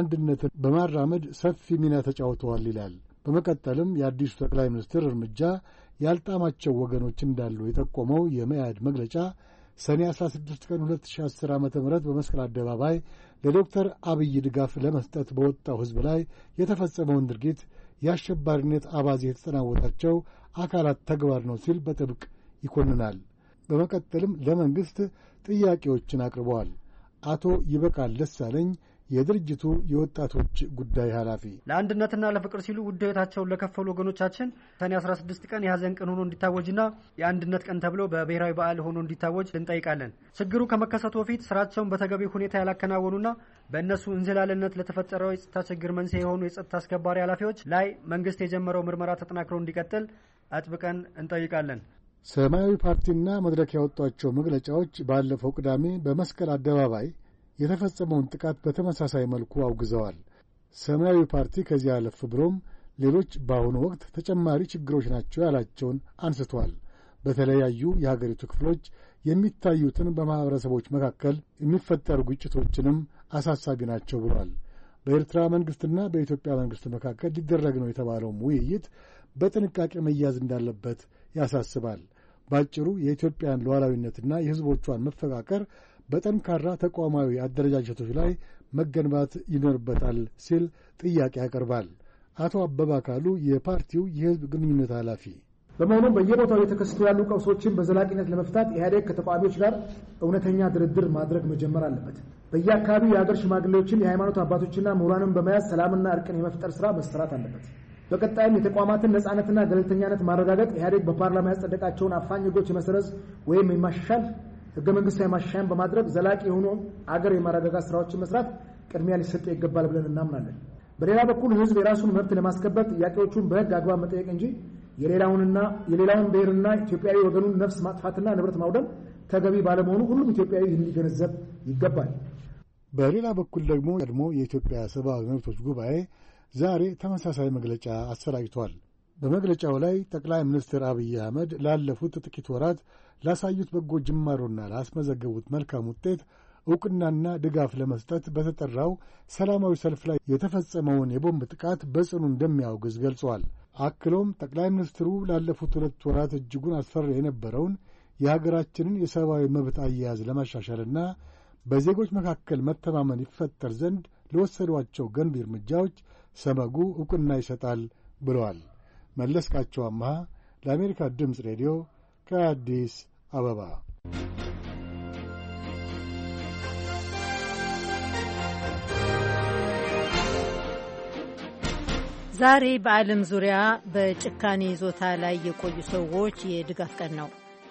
አንድነትን በማራመድ ሰፊ ሚና ተጫውተዋል ይላል በመቀጠልም የአዲሱ ጠቅላይ ሚኒስትር እርምጃ ያልጣማቸው ወገኖች እንዳሉ የጠቆመው የመያድ መግለጫ ሰኔ 16 ቀን 2010 ዓ ም በመስቀል አደባባይ ለዶክተር አብይ ድጋፍ ለመስጠት በወጣው ሕዝብ ላይ የተፈጸመውን ድርጊት የአሸባሪነት አባዜ የተጠናወታቸው አካላት ተግባር ነው ሲል በጥብቅ ይኮንናል። በመቀጠልም ለመንግሥት ጥያቄዎችን አቅርበዋል። አቶ ይበቃል ደሳለኝ የድርጅቱ የወጣቶች ጉዳይ ኃላፊ ለአንድነትና ለፍቅር ሲሉ ውድ ሕይወታቸውን ለከፈሉ ወገኖቻችን ሰኔ 16 ቀን የሀዘን ቀን ሆኖ እንዲታወጅና የአንድነት ቀን ተብሎ በብሔራዊ በዓል ሆኖ እንዲታወጅ እንጠይቃለን። ችግሩ ከመከሰቱ በፊት ስራቸውን በተገቢ ሁኔታ ያላከናወኑና በእነሱ እንዝላልነት ለተፈጠረው የጸጥታ ችግር መንስኤ የሆኑ የጸጥታ አስከባሪ ኃላፊዎች ላይ መንግስት የጀመረው ምርመራ ተጠናክሮ እንዲቀጥል አጥብቀን እንጠይቃለን። ሰማያዊ ፓርቲና መድረክ ያወጧቸው መግለጫዎች ባለፈው ቅዳሜ በመስቀል አደባባይ የተፈጸመውን ጥቃት በተመሳሳይ መልኩ አውግዘዋል። ሰማያዊ ፓርቲ ከዚህ አለፍ ብሎም ሌሎች በአሁኑ ወቅት ተጨማሪ ችግሮች ናቸው ያላቸውን አንስቷል። በተለያዩ የሀገሪቱ ክፍሎች የሚታዩትን በማኅበረሰቦች መካከል የሚፈጠሩ ግጭቶችንም አሳሳቢ ናቸው ብሏል። በኤርትራ መንግሥትና በኢትዮጵያ መንግሥት መካከል ሊደረግ ነው የተባለውም ውይይት በጥንቃቄ መያዝ እንዳለበት ያሳስባል። ባጭሩ የኢትዮጵያን ሉዓላዊነትና የሕዝቦቿን መፈቃቀር በጠንካራ ተቋማዊ አደረጃጀቶች ላይ መገንባት ይኖርበታል ሲል ጥያቄ ያቀርባል። አቶ አበባ ካሉ የፓርቲው የህዝብ ግንኙነት ኃላፊ። በመሆኑም በየቦታው እየተከሰቱ ያሉ ቀውሶችን በዘላቂነት ለመፍታት ኢህአዴግ ከተቃዋሚዎች ጋር እውነተኛ ድርድር ማድረግ መጀመር አለበት። በየአካባቢው የሀገር ሽማግሌዎችን፣ የሃይማኖት አባቶችና ምሁራንን በመያዝ ሰላምና እርቅን የመፍጠር ስራ መሰራት አለበት። በቀጣይም የተቋማትን ነፃነትና ገለልተኛነት ማረጋገጥ ኢህአዴግ በፓርላማ ያጸደቃቸውን አፋኝ ህጎች የመሰረዝ ወይም የማሻሻል ህገ መንግስታዊ ማሻሻያን በማድረግ ዘላቂ የሆኑ አገር የማረጋጋት ስራዎችን መስራት ቅድሚያ ሊሰጠ ይገባል ብለን እናምናለን። በሌላ በኩል ህዝብ የራሱን መብት ለማስከበር ጥያቄዎቹን በህግ አግባብ መጠየቅ እንጂ የሌላውን ብሔርና ኢትዮጵያዊ ወገኑን ነፍስ ማጥፋትና ንብረት ማውደም ተገቢ ባለመሆኑ ሁሉም ኢትዮጵያዊ ይህን ሊገነዘብ ይገባል። በሌላ በኩል ደግሞ ቀድሞ የኢትዮጵያ ሰብአዊ መብቶች ጉባኤ ዛሬ ተመሳሳይ መግለጫ አሰራጭቷል። በመግለጫው ላይ ጠቅላይ ሚኒስትር አብይ አህመድ ላለፉት ጥቂት ወራት ላሳዩት በጎ ጅማሮና ላስመዘገቡት መልካም ውጤት እውቅናና ድጋፍ ለመስጠት በተጠራው ሰላማዊ ሰልፍ ላይ የተፈጸመውን የቦምብ ጥቃት በጽኑ እንደሚያውግዝ ገልጿል። አክሎም ጠቅላይ ሚኒስትሩ ላለፉት ሁለት ወራት እጅጉን አስፈሪ የነበረውን የሀገራችንን የሰብአዊ መብት አያያዝ ለማሻሻልና በዜጎች መካከል መተማመን ይፈጠር ዘንድ ለወሰዷቸው ገንቢ እርምጃዎች ሰመጉ እውቅና ይሰጣል ብለዋል። መለስካቸው አመሃ ለአሜሪካ ድምፅ ሬዲዮ ከአዲስ አበባ ዛሬ በዓለም ዙሪያ በጭካኔ ይዞታ ላይ የቆዩ ሰዎች የድጋፍ ቀን ነው።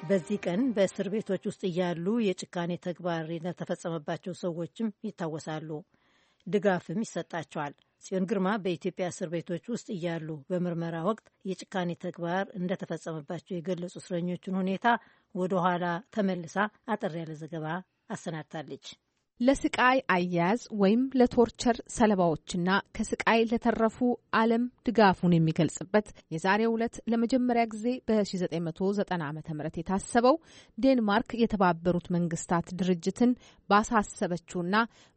በዚህ ቀን በእስር ቤቶች ውስጥ እያሉ የጭካኔ ተግባር የተፈጸመባቸው ሰዎችም ይታወሳሉ፣ ድጋፍም ይሰጣቸዋል። ጽዮን ግርማ በኢትዮጵያ እስር ቤቶች ውስጥ እያሉ በምርመራ ወቅት የጭካኔ ተግባር እንደተፈጸመባቸው የገለጹ እስረኞችን ሁኔታ ወደ ኋላ ተመልሳ አጠር ያለ ዘገባ አሰናድታለች። ለስቃይ አያያዝ ወይም ለቶርቸር ሰለባዎችና ከስቃይ ለተረፉ ዓለም ድጋፉን የሚገልጽበት የዛሬው ዕለት ለመጀመሪያ ጊዜ በ1990 ዓ ም የታሰበው ዴንማርክ የተባበሩት መንግስታት ድርጅትን ባሳሰበችውና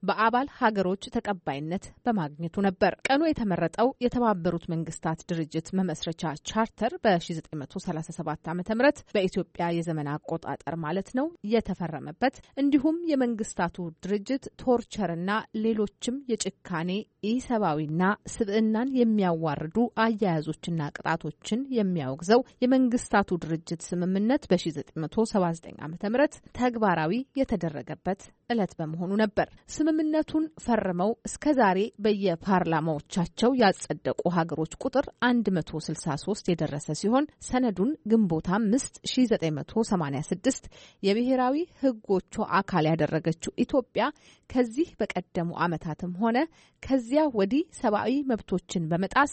በአባል ሀገሮች ተቀባይነት በማግኘቱ ነበር። ቀኑ የተመረጠው የተባበሩት መንግስታት ድርጅት መመስረቻ ቻርተር በ1937 ዓ ም በኢትዮጵያ የዘመን አቆጣጠር ማለት ነው የተፈረመበት እንዲሁም የመንግስታቱ ድርጅት ቶርቸርና ሌሎችም የጭካኔ ኢሰብአዊና ስብዕናን የሚያዋርዱ አያያዞችና ቅጣቶችን የሚያወግዘው የመንግስታቱ ድርጅት ስምምነት በ1979 ዓ ም ተግባራዊ የተደረገበት ዕለት በመሆኑ ነበር። ስምምነቱን ፈርመው እስከ ዛሬ በየፓርላማዎቻቸው ያጸደቁ ሀገሮች ቁጥር 163 የደረሰ ሲሆን ሰነዱን ግንቦት 5 1986 የብሔራዊ ህጎቹ አካል ያደረገችው ኢትዮጵያ ኢትዮጵያ ከዚህ በቀደሙ ዓመታትም ሆነ ከዚያ ወዲህ ሰብአዊ መብቶችን በመጣስ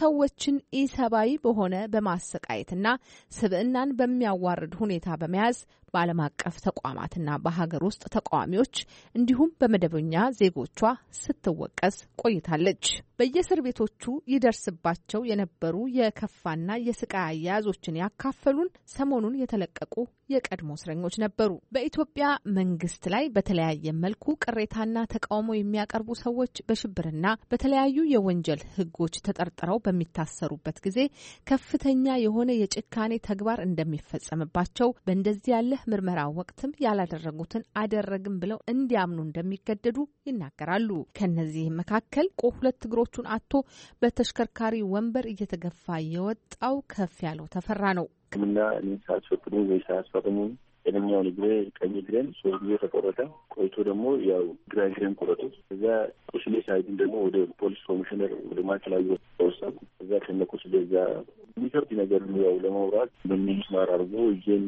ሰዎችን ኢሰብአዊ በሆነ በማሰቃየትና ስብዕናን በሚያዋርድ ሁኔታ በመያዝ በዓለም አቀፍ ተቋማትና በሀገር ውስጥ ተቃዋሚዎች እንዲሁም በመደበኛ ዜጎቿ ስትወቀስ ቆይታለች። በየእስር ቤቶቹ ይደርስባቸው የነበሩ የከፋና የስቃይ አያያዞችን ያካፈሉን ሰሞኑን የተለቀቁ የቀድሞ እስረኞች ነበሩ። በኢትዮጵያ መንግስት ላይ በተለያየ መልኩ ቅሬታና ተቃውሞ የሚያቀርቡ ሰዎች በሽብርና በተለያዩ የወንጀል ህጎች ተጠርጥረው በሚታሰሩበት ጊዜ ከፍተኛ የሆነ የጭካኔ ተግባር እንደሚፈጸምባቸው በእንደዚህ ያለ በመርህ ምርመራ ወቅትም ያላደረጉትን አደረግም ብለው እንዲያምኑ እንደሚገደዱ ይናገራሉ። ከነዚህ መካከል ቆ ሁለት እግሮቹን አጥቶ በተሽከርካሪ ወንበር እየተገፋ የወጣው ከፍ ያለው ተፈራ ነው። ሕክምና ሳያስፈቅዱ ወይ ሳያስፈቅሙ ቀደኛውን እግሬ ቀኝ እግሬን ሶስት ጊዜ ተቆረጠ። ቆይቶ ደግሞ ያው ግራ እግሬን ቆረጡ። እዛ ቁስሌ ሳይድን ደግሞ ወደ ፖሊስ ኮሚሽነር ወደ ማዕከላዊ ተወሰዱ። እዛ ከነ ቁስሌ እዛ የሚከብድ ነገር ያው ለማውራት በሚስማር አድርጎ እጄን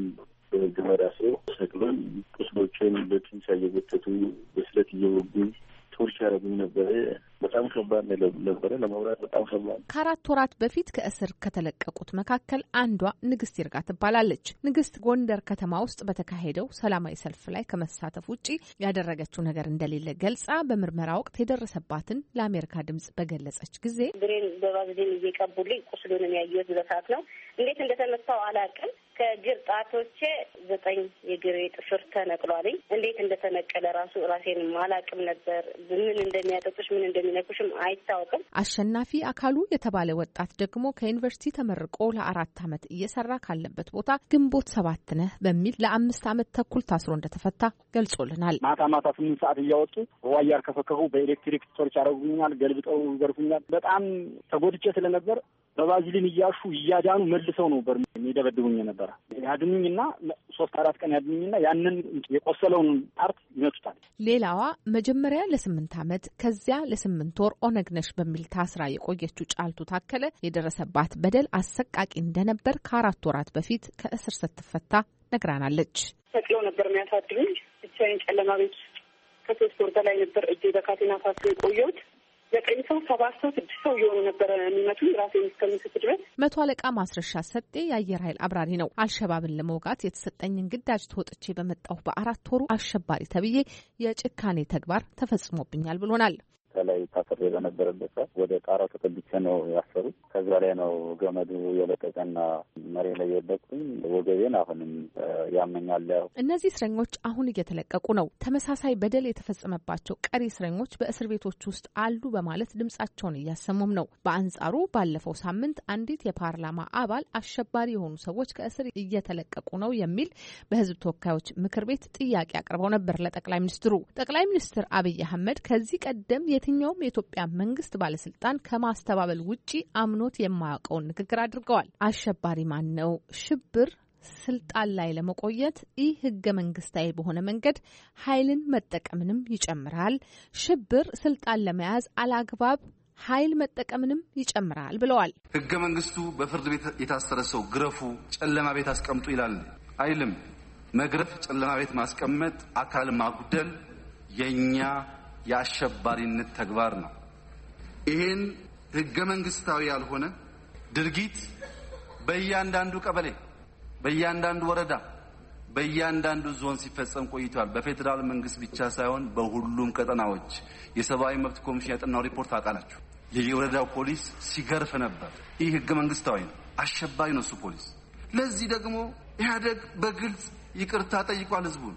በህግ መራስሮ ሰቅሎን ቁስሎችን በትንሳ እየጎተቱ በስለት እየወጉ ቶርች ያደረጉኝ ነበረ። በጣም ከባድ ነው ነበረ ለመብራት በጣም ከባድ። ከአራት ወራት በፊት ከእስር ከተለቀቁት መካከል አንዷ ንግስት ይርጋ ትባላለች። ንግስት ጎንደር ከተማ ውስጥ በተካሄደው ሰላማዊ ሰልፍ ላይ ከመሳተፍ ውጪ ያደረገችው ነገር እንደሌለ ገልጻ በምርመራ ወቅት የደረሰባትን ለአሜሪካ ድምጽ በገለጸች ጊዜ ብሬን በባዝሊን እየቀቡልኝ ቁስሉንም ያየሁት በሰዓት ነው። እንዴት እንደተመታው አላውቅም። ከእግር ጣቶቼ ዘጠኝ የግሬ ጥፍር ተነቅሏልኝ። እንዴት እንደተነቀለ ራሱ ራሴንም አላውቅም ነበር። ምን እንደሚያጠጡሽ ምን እንደሚ እንደሚነቁሽም አይታወቅም። አሸናፊ አካሉ የተባለ ወጣት ደግሞ ከዩኒቨርሲቲ ተመርቆ ለአራት ዓመት እየሰራ ካለበት ቦታ ግንቦት ሰባት ነህ በሚል ለአምስት ዓመት ተኩል ታስሮ እንደተፈታ ገልጾልናል። ማታ ማታ ስምንት ሰዓት እያወጡ ዋያር ከፈከፉ በኤሌክትሪክ ቶርች ያደረጉኛል፣ ገልብጠው ይገርፉኛል። በጣም ተጎድቼ ስለነበር በባዚሊን እያሹ እያዳኑ መልሰው ነው በር የደበድቡኝ የነበረ ያድኑኝና ሶስት አራት ቀን ያድኑኝና ያንን የቆሰለውን ፓርት ይመቱታል። ሌላዋ መጀመሪያ ለስምንት ዓመት ከዚያ ለስምንት ስምንት ወር ኦነግ ነሽ በሚል ታስራ የቆየችው ጫልቱ ታከለ የደረሰባት በደል አሰቃቂ እንደነበር ከአራት ወራት በፊት ከእስር ስትፈታ ነግራናለች። ተጥለው ነበር የሚያሳድሩኝ። ብቻዬን ጨለማ ቤት ከሶስት ወር በላይ ነበር እጄ በካቴና ታስሮ የቆየሁት። ዘጠኝ ሰው ሰባት ሰው ስድስት ሰው እየሆኑ ነበረ የሚመቱ ራሴ እስከምስት ድረስ። መቶ አለቃ ማስረሻ ሰጤ የአየር ኃይል አብራሪ ነው። አልሸባብን ለመውጋት የተሰጠኝን ግዳጅ ተወጥቼ በመጣሁ በአራት ወሩ አሸባሪ ተብዬ የጭካኔ ተግባር ተፈጽሞብኛል ብሎናል። ከላይ ታስሬ በነበረበት ሰዓት ወደ ጣራው ተጠግቼ ነው ያሰሩት። ከዚያ ላይ ነው ገመዱ የለቀቀና መሬ ላይ የወደቅኩኝ። ወገቤን አሁንም ያመኛል። ያው እነዚህ እስረኞች አሁን እየተለቀቁ ነው። ተመሳሳይ በደል የተፈጸመባቸው ቀሪ እስረኞች በእስር ቤቶች ውስጥ አሉ በማለት ድምጻቸውን እያሰሙም ነው። በአንጻሩ ባለፈው ሳምንት አንዲት የፓርላማ አባል አሸባሪ የሆኑ ሰዎች ከእስር እየተለቀቁ ነው የሚል በህዝብ ተወካዮች ምክር ቤት ጥያቄ አቅርበው ነበር ለጠቅላይ ሚኒስትሩ። ጠቅላይ ሚኒስትር አብይ አህመድ ከዚህ ቀደም የትኛውም የኢትዮጵያ መንግስት ባለስልጣን ከማስተባበል ውጪ አምኖት የማያውቀውን ንግግር አድርገዋል። አሸባሪ ማን ነው? ሽብር ስልጣን ላይ ለመቆየት ይህ ህገ መንግስታዊ በሆነ መንገድ ኃይልን መጠቀምንም ይጨምራል። ሽብር ስልጣን ለመያዝ አላግባብ ኃይል መጠቀምንም ይጨምራል ብለዋል። ህገ መንግስቱ በፍርድ ቤት የታሰረ ሰው ግረፉ፣ ጨለማ ቤት አስቀምጡ ይላል አይልም። መግረፍ፣ ጨለማ ቤት ማስቀመጥ፣ አካል ማጉደል የእኛ የአሸባሪነት ተግባር ነው። ይህን ህገ መንግስታዊ ያልሆነ ድርጊት በእያንዳንዱ ቀበሌ፣ በእያንዳንዱ ወረዳ፣ በእያንዳንዱ ዞን ሲፈጸም ቆይቷል። በፌዴራል መንግስት ብቻ ሳይሆን በሁሉም ቀጠናዎች የሰብአዊ መብት ኮሚሽን ያጠናው ሪፖርት አውቃላችሁ። የየወረዳው ፖሊስ ሲገርፍ ነበር። ይህ ህገ መንግስታዊ ነው። አሸባሪ ነው እሱ ፖሊስ። ለዚህ ደግሞ ኢህአደግ በግልጽ ይቅርታ ጠይቋል። ህዝቡን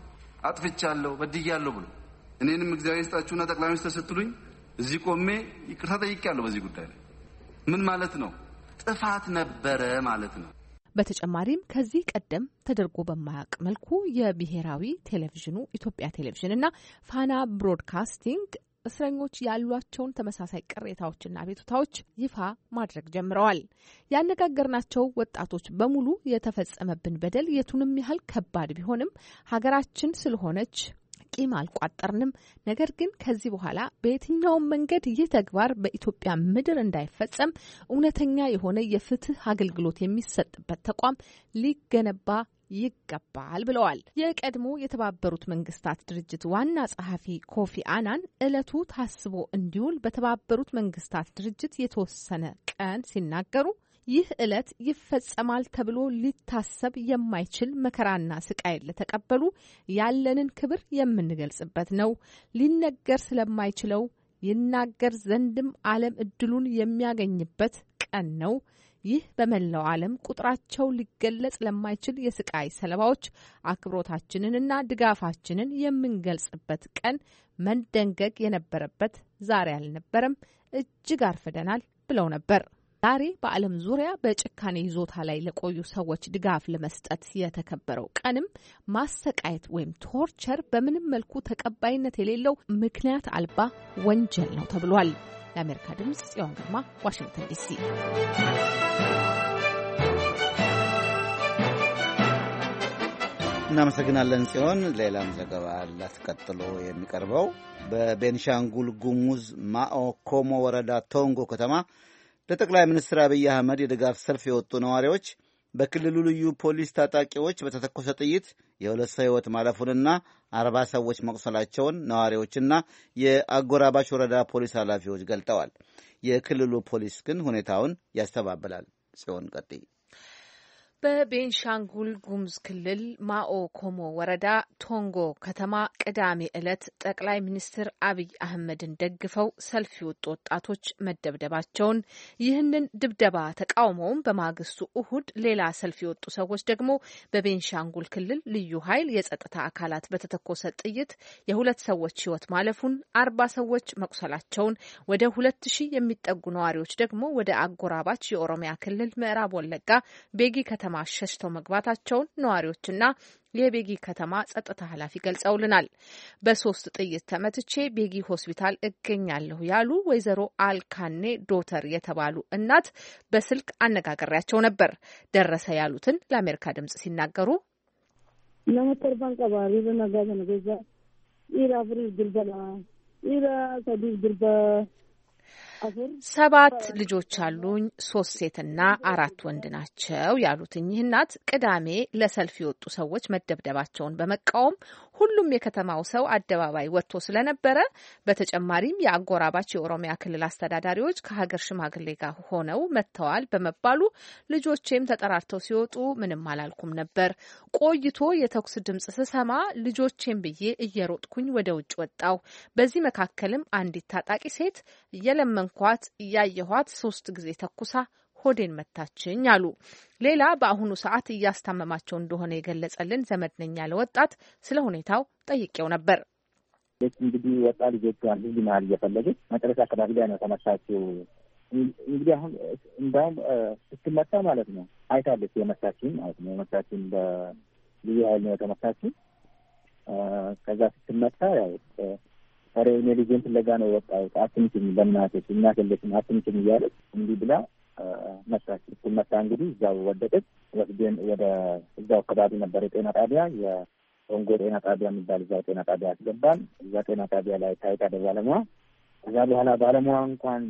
አጥፍቻለሁ በድያለሁ ብሎ እኔንም እግዚአብሔር ይስጣችሁና ጠቅላይ ሚኒስትር ስትሉኝ እዚህ ቆሜ ይቅርታ ጠይቄያለሁ። በዚህ ጉዳይ ላይ ምን ማለት ነው? ጥፋት ነበረ ማለት ነው። በተጨማሪም ከዚህ ቀደም ተደርጎ በማያውቅ መልኩ የብሔራዊ ቴሌቪዥኑ ኢትዮጵያ ቴሌቪዥን እና ፋና ብሮድካስቲንግ እስረኞች ያሏቸውን ተመሳሳይ ቅሬታዎችና አቤቱታዎች ይፋ ማድረግ ጀምረዋል። ያነጋገርናቸው ወጣቶች በሙሉ የተፈጸመብን በደል የቱንም ያህል ከባድ ቢሆንም ሀገራችን ስለሆነች ቂም አልቋጠርንም። ነገር ግን ከዚህ በኋላ በየትኛውም መንገድ ይህ ተግባር በኢትዮጵያ ምድር እንዳይፈጸም እውነተኛ የሆነ የፍትህ አገልግሎት የሚሰጥበት ተቋም ሊገነባ ይገባል ብለዋል። የቀድሞ የተባበሩት መንግስታት ድርጅት ዋና ጸሐፊ ኮፊ አናን እለቱ ታስቦ እንዲውል በተባበሩት መንግስታት ድርጅት የተወሰነ ቀን ሲናገሩ ይህ ዕለት ይፈጸማል ተብሎ ሊታሰብ የማይችል መከራና ስቃይ ለተቀበሉ ያለንን ክብር የምንገልጽበት ነው። ሊነገር ስለማይችለው ይናገር ዘንድም ዓለም እድሉን የሚያገኝበት ቀን ነው። ይህ በመላው ዓለም ቁጥራቸው ሊገለጽ ለማይችል የስቃይ ሰለባዎች አክብሮታችንንና ድጋፋችንን የምንገልጽበት ቀን መደንገግ የነበረበት ዛሬ አልነበረም፣ እጅግ አርፍደናል ብለው ነበር። ዛሬ በዓለም ዙሪያ በጭካኔ ይዞታ ላይ ለቆዩ ሰዎች ድጋፍ ለመስጠት የተከበረው ቀንም ማሰቃየት ወይም ቶርቸር በምንም መልኩ ተቀባይነት የሌለው ምክንያት አልባ ወንጀል ነው ተብሏል። ለአሜሪካ ድምፅ ጽዮን ግርማ ዋሽንግተን ዲሲ። እናመሰግናለን ጽዮን። ሌላም ዘገባ አላት ቀጥሎ የሚቀርበው በቤንሻንጉል ጉሙዝ ማኦ ኮሞ ወረዳ ቶንጎ ከተማ ለጠቅላይ ሚኒስትር አብይ አህመድ የድጋፍ ሰልፍ የወጡ ነዋሪዎች በክልሉ ልዩ ፖሊስ ታጣቂዎች በተተኮሰ ጥይት የሁለት ሰው ሕይወት ማለፉንና አርባ ሰዎች መቁሰላቸውን ነዋሪዎችና የአጎራባች ወረዳ ፖሊስ ኃላፊዎች ገልጠዋል። የክልሉ ፖሊስ ግን ሁኔታውን ያስተባብላል። ጽዮን ቀጥይ በቤንሻንጉል ጉሙዝ ክልል ማኦ ኮሞ ወረዳ ቶንጎ ከተማ ቅዳሜ ዕለት ጠቅላይ ሚኒስትር አብይ አህመድን ደግፈው ሰልፍ የወጡ ወጣቶች መደብደባቸውን፣ ይህንን ድብደባ ተቃውሞውን በማግስቱ እሁድ ሌላ ሰልፍ የወጡ ሰዎች ደግሞ በቤንሻንጉል ክልል ልዩ ኃይል የጸጥታ አካላት በተተኮሰ ጥይት የሁለት ሰዎች ሕይወት ማለፉን፣ አርባ ሰዎች መቁሰላቸውን፣ ወደ ሁለት ሺህ የሚጠጉ ነዋሪዎች ደግሞ ወደ አጎራባች የኦሮሚያ ክልል ምዕራብ ወለጋ ቤጊ ከተማ ከተማ ሸሽተው መግባታቸውን ነዋሪዎችና የቤጊ ከተማ ጸጥታ ኃላፊ ገልጸውልናል። በሶስት ጥይት ተመትቼ ቤጊ ሆስፒታል እገኛለሁ ያሉ ወይዘሮ አልካኔ ዶተር የተባሉ እናት በስልክ አነጋገሪያቸው ነበር። ደረሰ ያሉትን ለአሜሪካ ድምጽ ሲናገሩ ሰባት ልጆች አሉኝ፣ ሶስት ሴትና አራት ወንድ ናቸው ያሉት እኚህ እናት ቅዳሜ ለሰልፍ የወጡ ሰዎች መደብደባቸውን በመቃወም ሁሉም የከተማው ሰው አደባባይ ወጥቶ ስለነበረ በተጨማሪም የአጎራባች የኦሮሚያ ክልል አስተዳዳሪዎች ከሀገር ሽማግሌ ጋር ሆነው መጥተዋል በመባሉ ልጆቼም ተጠራርተው ሲወጡ ምንም አላልኩም ነበር። ቆይቶ የተኩስ ድምጽ ስሰማ ልጆቼም ብዬ እየሮጥኩኝ ወደ ውጭ ወጣው በዚህ መካከልም አንዲት ታጣቂ ሴት እየለመንኳት እያየኋት ሶስት ጊዜ ተኩሳ ሆዴን መታችኝ አሉ። ሌላ በአሁኑ ሰዓት እያስታመማቸው እንደሆነ የገለጸልን ዘመድ ነኝ ያለ ወጣት ስለ ሁኔታው ጠይቄው ነበር። እንግዲህ ወጣ ልጆቿን ህዝብ መሀል እየፈለገች መጨረሻ አካባቢ ላይ ነው ተመታችው። እንግዲህ አሁን እንዳውም ስትመታ ማለት ነው አይታለች የመታችን ማለት ነው የመታችን በልዩ ኃይል ነው የተመታችን። ከዛ ስትመታ ያው ሬ እኔ ልጄን ፍለጋ ነው ወጣ አትምችኝ፣ ለምናቶች እናትለችን አትምችኝ እያለች እንዲህ ብላ መታች። ስትመታ እንግዲህ እዛው ወደቀች። ወስደን ወደ እዛው አካባቢ ነበር የጤና ጣቢያ የኮንጎ ጤና ጣቢያ የሚባል እዛው ጤና ጣቢያ አስገባን። እዛ ጤና ጣቢያ ላይ ታይታ ባለሙያ ከዛ በኋላ ባለሙያ እንኳን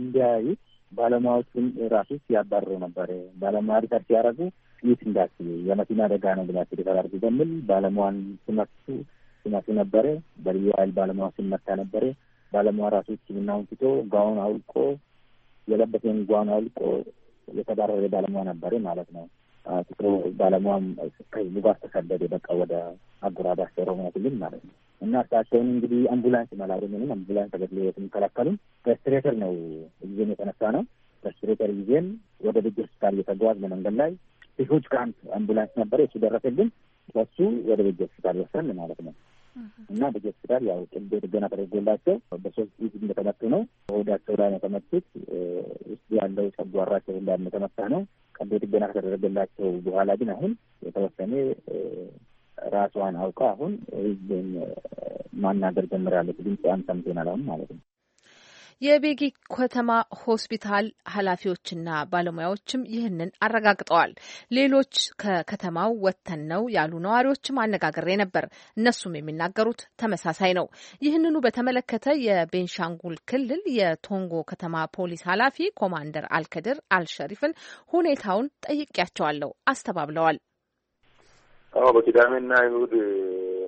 እንዲያዩት ባለሙያዎቹን ራሱ ሲያባርሩ ነበር። ባለሙያ ሪሰርች ሲያደርጉ ይት እንዳስ የመኪና አደጋ ነው ብላ ተፈራርጉ በሚል ባለሙያን ስመቱ ስመቱ ነበረ። በልዩ ኃይል ባለሙያ ስመታ ነበረ። ባለሙያ ራሱ ሕክምናውን ትቶ ጋውን አውልቆ የለበሴን ጓኑ አልቆ የተባረረ ባለሙያ ነበር ማለት ነው። ጥሩ ባለሙያም ከህዝቡ ጋር ተሰደደ። በቃ ወደ አጎራባች ኦሮሚያ ክልል ማለት ነው። እና እሳቸውን እንግዲህ አምቡላንስ መላሩ ምንም አምቡላንስ ተገድሎ የተሚከላከሉም በስትሬተር ነው ጊዜም የተነሳ ነው። በስትሬተር ጊዜም ወደ ልጅ ሆስፒታል እየተጓዝ በመንገድ ላይ ሲሁድ ከአንድ አምቡላንስ ነበረ። እሱ ደረሰ፣ ግን በሱ ወደ ልጅ ሆስፒታል ወሰን ማለት ነው። እና በዚህ ሆስፒታል ያው ቅድ ጥገና ተደርጎላቸው በሶስት ጊዜ እንደተመቱ ነው። ሆዳቸው ላይ የተመቱት ውስጥ ያለው ጨጓራቸው ላይ እንደተመታ ነው። ቀዶ ጥገና ከተደረገላቸው በኋላ ግን አሁን የተወሰነ ራሷን አውቃ አሁን ህዝብን ማናገር ጀምራለች። ድምፅዋን ሰምተናል አሁን ማለት ነው። የቤጊ ከተማ ሆስፒታል ኃላፊዎችና ባለሙያዎችም ይህንን አረጋግጠዋል። ሌሎች ከከተማው ወጥተን ነው ያሉ ነዋሪዎችም አነጋግሬ ነበር። እነሱም የሚናገሩት ተመሳሳይ ነው። ይህንኑ በተመለከተ የቤንሻንጉል ክልል የቶንጎ ከተማ ፖሊስ ኃላፊ ኮማንደር አልከድር አልሸሪፍን ሁኔታውን ጠይቄያቸዋለሁ። አስተባብለዋል። በቅዳሜና እሁድ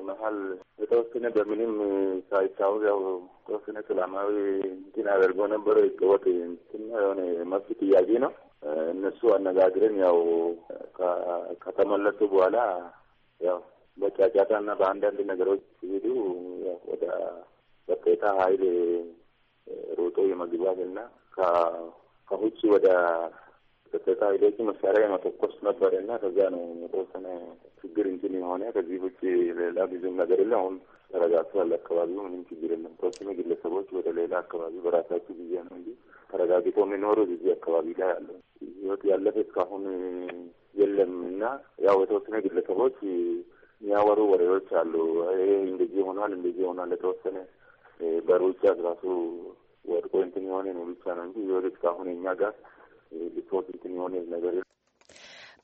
መሀል የተወሰነ በምንም ሳይታወቅ ያው ተወሰነ ሰላማዊ እንትን አደርገው ነበረ ህገወጥ እንትን የሆነ መብት ጥያቄ ነው። እነሱ አነጋግረን ያው ከተመለሱ በኋላ ያው በጫጫታ እና በአንዳንድ ነገሮች ሲሄዱ ወደ በቀታ ሀይል ሮጦ የመግባት እና ከውጭ ወደ በተታ ሂደቱ መሳሪያ የመተኮስ ነበር እና ከዚያ ነው የተወሰነ ችግር እንትን የሆነ ከዚህ ውጭ ሌላ ብዙም ነገር የለ። አሁን ተረጋግቶ ያለ አካባቢ ምንም ችግር የለም። ተወሰኑ ግለሰቦች ወደ ሌላ አካባቢ በራሳቸው ጊዜ ነው እንጂ ተረጋግጦ የሚኖሩ እዚህ አካባቢ ላይ አለ ህይወት ያለፈ እስካሁን የለም እና ያው የተወሰነ ግለሰቦች የሚያወሩ ወሬዎች አሉ። ይሄ እንደዚህ ሆኗል፣ እንደዚህ ሆኗል። የተወሰነ በሩጫ ራሱ ወድቆ እንትን የሆነ ነው ብቻ ነው እንጂ ህይወት እስካሁን የኛ ጋር ሪፖርት እንትን የሆነ ነገር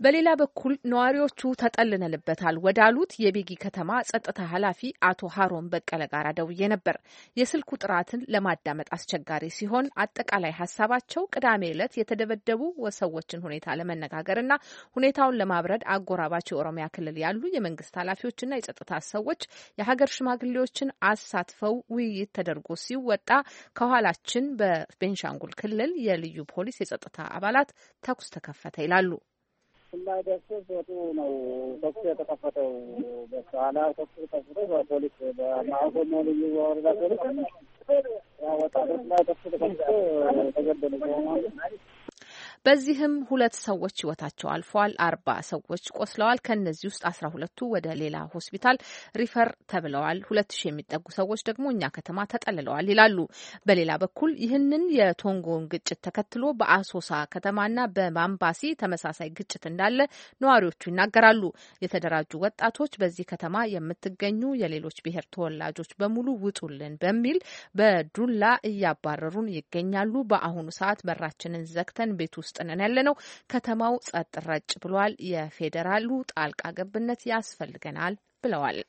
በሌላ በኩል ነዋሪዎቹ ተጠልነልበታል ወዳሉት የቤጊ ከተማ ጸጥታ ኃላፊ አቶ ሀሮን በቀለ ጋር ደውዬ ነበር። የስልኩ ጥራትን ለማዳመጥ አስቸጋሪ ሲሆን አጠቃላይ ሀሳባቸው ቅዳሜ ዕለት የተደበደቡ ሰዎችን ሁኔታ ለመነጋገርና ሁኔታውን ለማብረድ አጎራባች የኦሮሚያ ክልል ያሉ የመንግስት ኃላፊዎችና የጸጥታ ሰዎች፣ የሀገር ሽማግሌዎችን አሳትፈው ውይይት ተደርጎ ሲወጣ ከኋላችን በቤንሻንጉል ክልል የልዩ ፖሊስ የጸጥታ አባላት ተኩስ ተከፈተ ይላሉ። ስናይደርስስ ወጡ ነው ተኩስ የተከፈተው። በኋላ ተኩስ ተከፍቶ በፖሊስ በማቆሞ ልዩ ወረዳ ፖሊስ ወጣቶች ላይ ተኩስ ተከፍቶ ተገደሉ። በዚህም ሁለት ሰዎች ህይወታቸው አልፈዋል። አርባ ሰዎች ቆስለዋል። ከእነዚህ ውስጥ አስራ ሁለቱ ወደ ሌላ ሆስፒታል ሪፈር ተብለዋል። ሁለት ሺህ የሚጠጉ ሰዎች ደግሞ እኛ ከተማ ተጠልለዋል ይላሉ። በሌላ በኩል ይህንን የቶንጎን ግጭት ተከትሎ በአሶሳ ከተማና በማምባሲ ተመሳሳይ ግጭት እንዳለ ነዋሪዎቹ ይናገራሉ። የተደራጁ ወጣቶች በዚህ ከተማ የምትገኙ የሌሎች ብሔር ተወላጆች በሙሉ ውጡልን በሚል በዱላ እያባረሩን ይገኛሉ። በአሁኑ ሰዓት በራችንን ዘግተን ቤት ውስጥ ውስጥነን ያለ ነው። ከተማው ጸጥ ረጭ ብሏል። የፌዴራሉ ጣልቃ ገብነት ያስፈልገናል ብለዋል።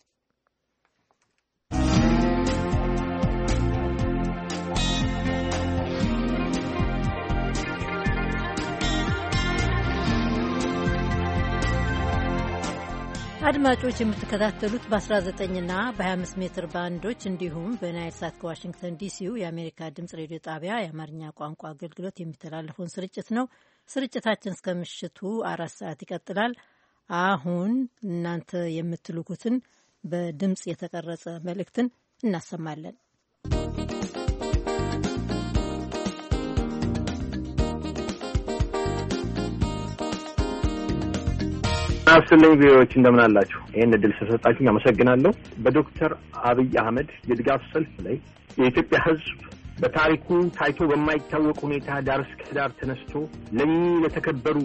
አድማጮች የምትከታተሉት በ19ና በ25 ሜትር ባንዶች እንዲሁም በናይል ሳት ከዋሽንግተን ዲሲው የአሜሪካ ድምፅ ሬዲዮ ጣቢያ የአማርኛ ቋንቋ አገልግሎት የሚተላለፈውን ስርጭት ነው። ስርጭታችን እስከ ምሽቱ አራት ሰዓት ይቀጥላል። አሁን እናንተ የምትልኩትን በድምፅ የተቀረጸ መልእክትን እናሰማለን። ናፍስልኝ ቪዎች እንደምን አላችሁ? ይህን እድል ስለሰጣችሁኝ አመሰግናለሁ። በዶክተር አብይ አህመድ የድጋፍ ሰልፍ ላይ የኢትዮጵያ ሕዝብ በታሪኩ ታይቶ በማይታወቅ ሁኔታ ዳር እስከ ዳር ተነስቶ ለእኚህ ለተከበሩ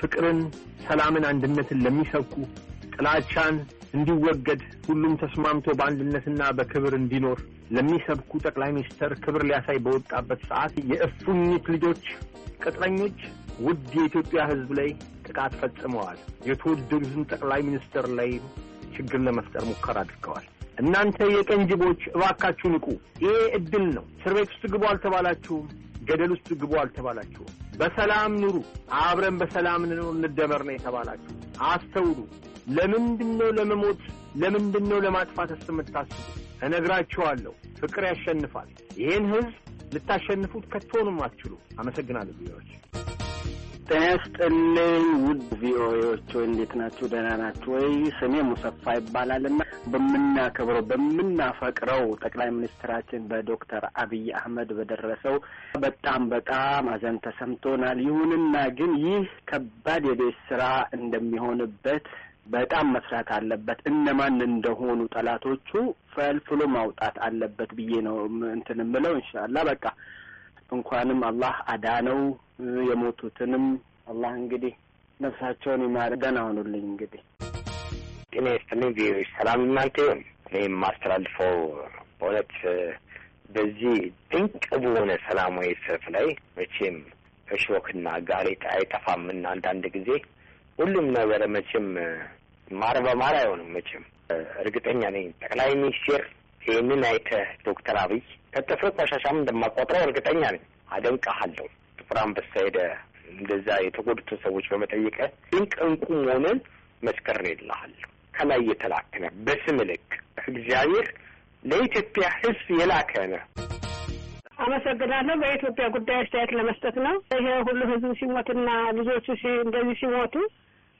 ፍቅርን፣ ሰላምን፣ አንድነትን ለሚሰብኩ ጥላቻን እንዲወገድ ሁሉም ተስማምቶ በአንድነትና በክብር እንዲኖር ለሚሰብኩ ጠቅላይ ሚኒስተር ክብር ሊያሳይ በወጣበት ሰዓት የእፉኝት ልጆች ቅጥረኞች ውድ የኢትዮጵያ ሕዝብ ላይ ጥቃት ፈጽመዋል። የተወደዱትን ጠቅላይ ሚኒስትር ላይ ችግር ለመፍጠር ሙከራ አድርገዋል። እናንተ የቀንጅቦች ጅቦች እባካችሁ ንቁ! ይሄ እድል ነው። እስር ቤት ውስጥ ግቡ አልተባላችሁም። ገደል ውስጥ ግቡ አልተባላችሁም። በሰላም ኑሩ፣ አብረን በሰላም እንኖር እንደመር ነው የተባላችሁ። አስተውሉ። ለምንድን ነው ለመሞት፣ ለምንድን ነው ለማጥፋት የምታስቡ? እነግራችኋለሁ፣ ፍቅር ያሸንፋል። ይህን ህዝብ ልታሸንፉት ከቶንም አትችሉ። አመሰግናለሁ ብዎች ጤና ይስጥልኝ ውድ ቪኦኤዎች፣ እንዴት ናችሁ? ደህና ናችሁ ወይ? ስሜ ሙሰፋ ይባላል በምናከብረው በምናፈቅረው ጠቅላይ ሚኒስትራችን በዶክተር አብይ አህመድ በደረሰው በጣም በጣም አዘን ተሰምቶናል። ይሁንና ግን ይህ ከባድ የቤት ስራ እንደሚሆንበት በጣም መስራት አለበት። እነማን እንደሆኑ ጠላቶቹ ፈልፍሎ ማውጣት አለበት ብዬ ነው እንትን ምለው። እንሻላ በቃ እንኳንም አላህ አዳነው። የሞቱትንም አላህ እንግዲህ ነፍሳቸውን ይማር። ደህና ሆኑልኝ። እንግዲህ ጤና ይስጥልኝ። ቪዮች ሰላም እናንተ ይሁን። እኔ የማስተላልፈው በእውነት በዚህ ድንቅ በሆነ ሰላማዊ ሰልፍ ላይ መቼም እሾክና ጋሬጣ አይጠፋም እና አንዳንድ ጊዜ ሁሉም ነገር መቼም ማር በማር አይሆንም። መቼም እርግጠኛ ነኝ ጠቅላይ ሚኒስቴር ይህንን አይተህ ዶክተር አብይ ከጥፍር ቆሻሻም እንደማቆጥረው እርግጠኛ ነኝ። አደንቅሃለሁ። ጥቁር አንበሳ ሄደህ እንደዛ የተጎዱት ሰዎች በመጠየቀ ድንቅ እንቁ መሆንን መስከርን የልሃለሁ። ከላይ የተላክነ በስም ልክ እግዚአብሔር ለኢትዮጵያ ሕዝብ የላከ ነ አመሰግናለሁ። በኢትዮጵያ ጉዳይ አስተያየት ለመስጠት ነው። ይሄ ሁሉ ሕዝብ ሲሞትና ልጆቹ እንደዚህ ሲሞቱ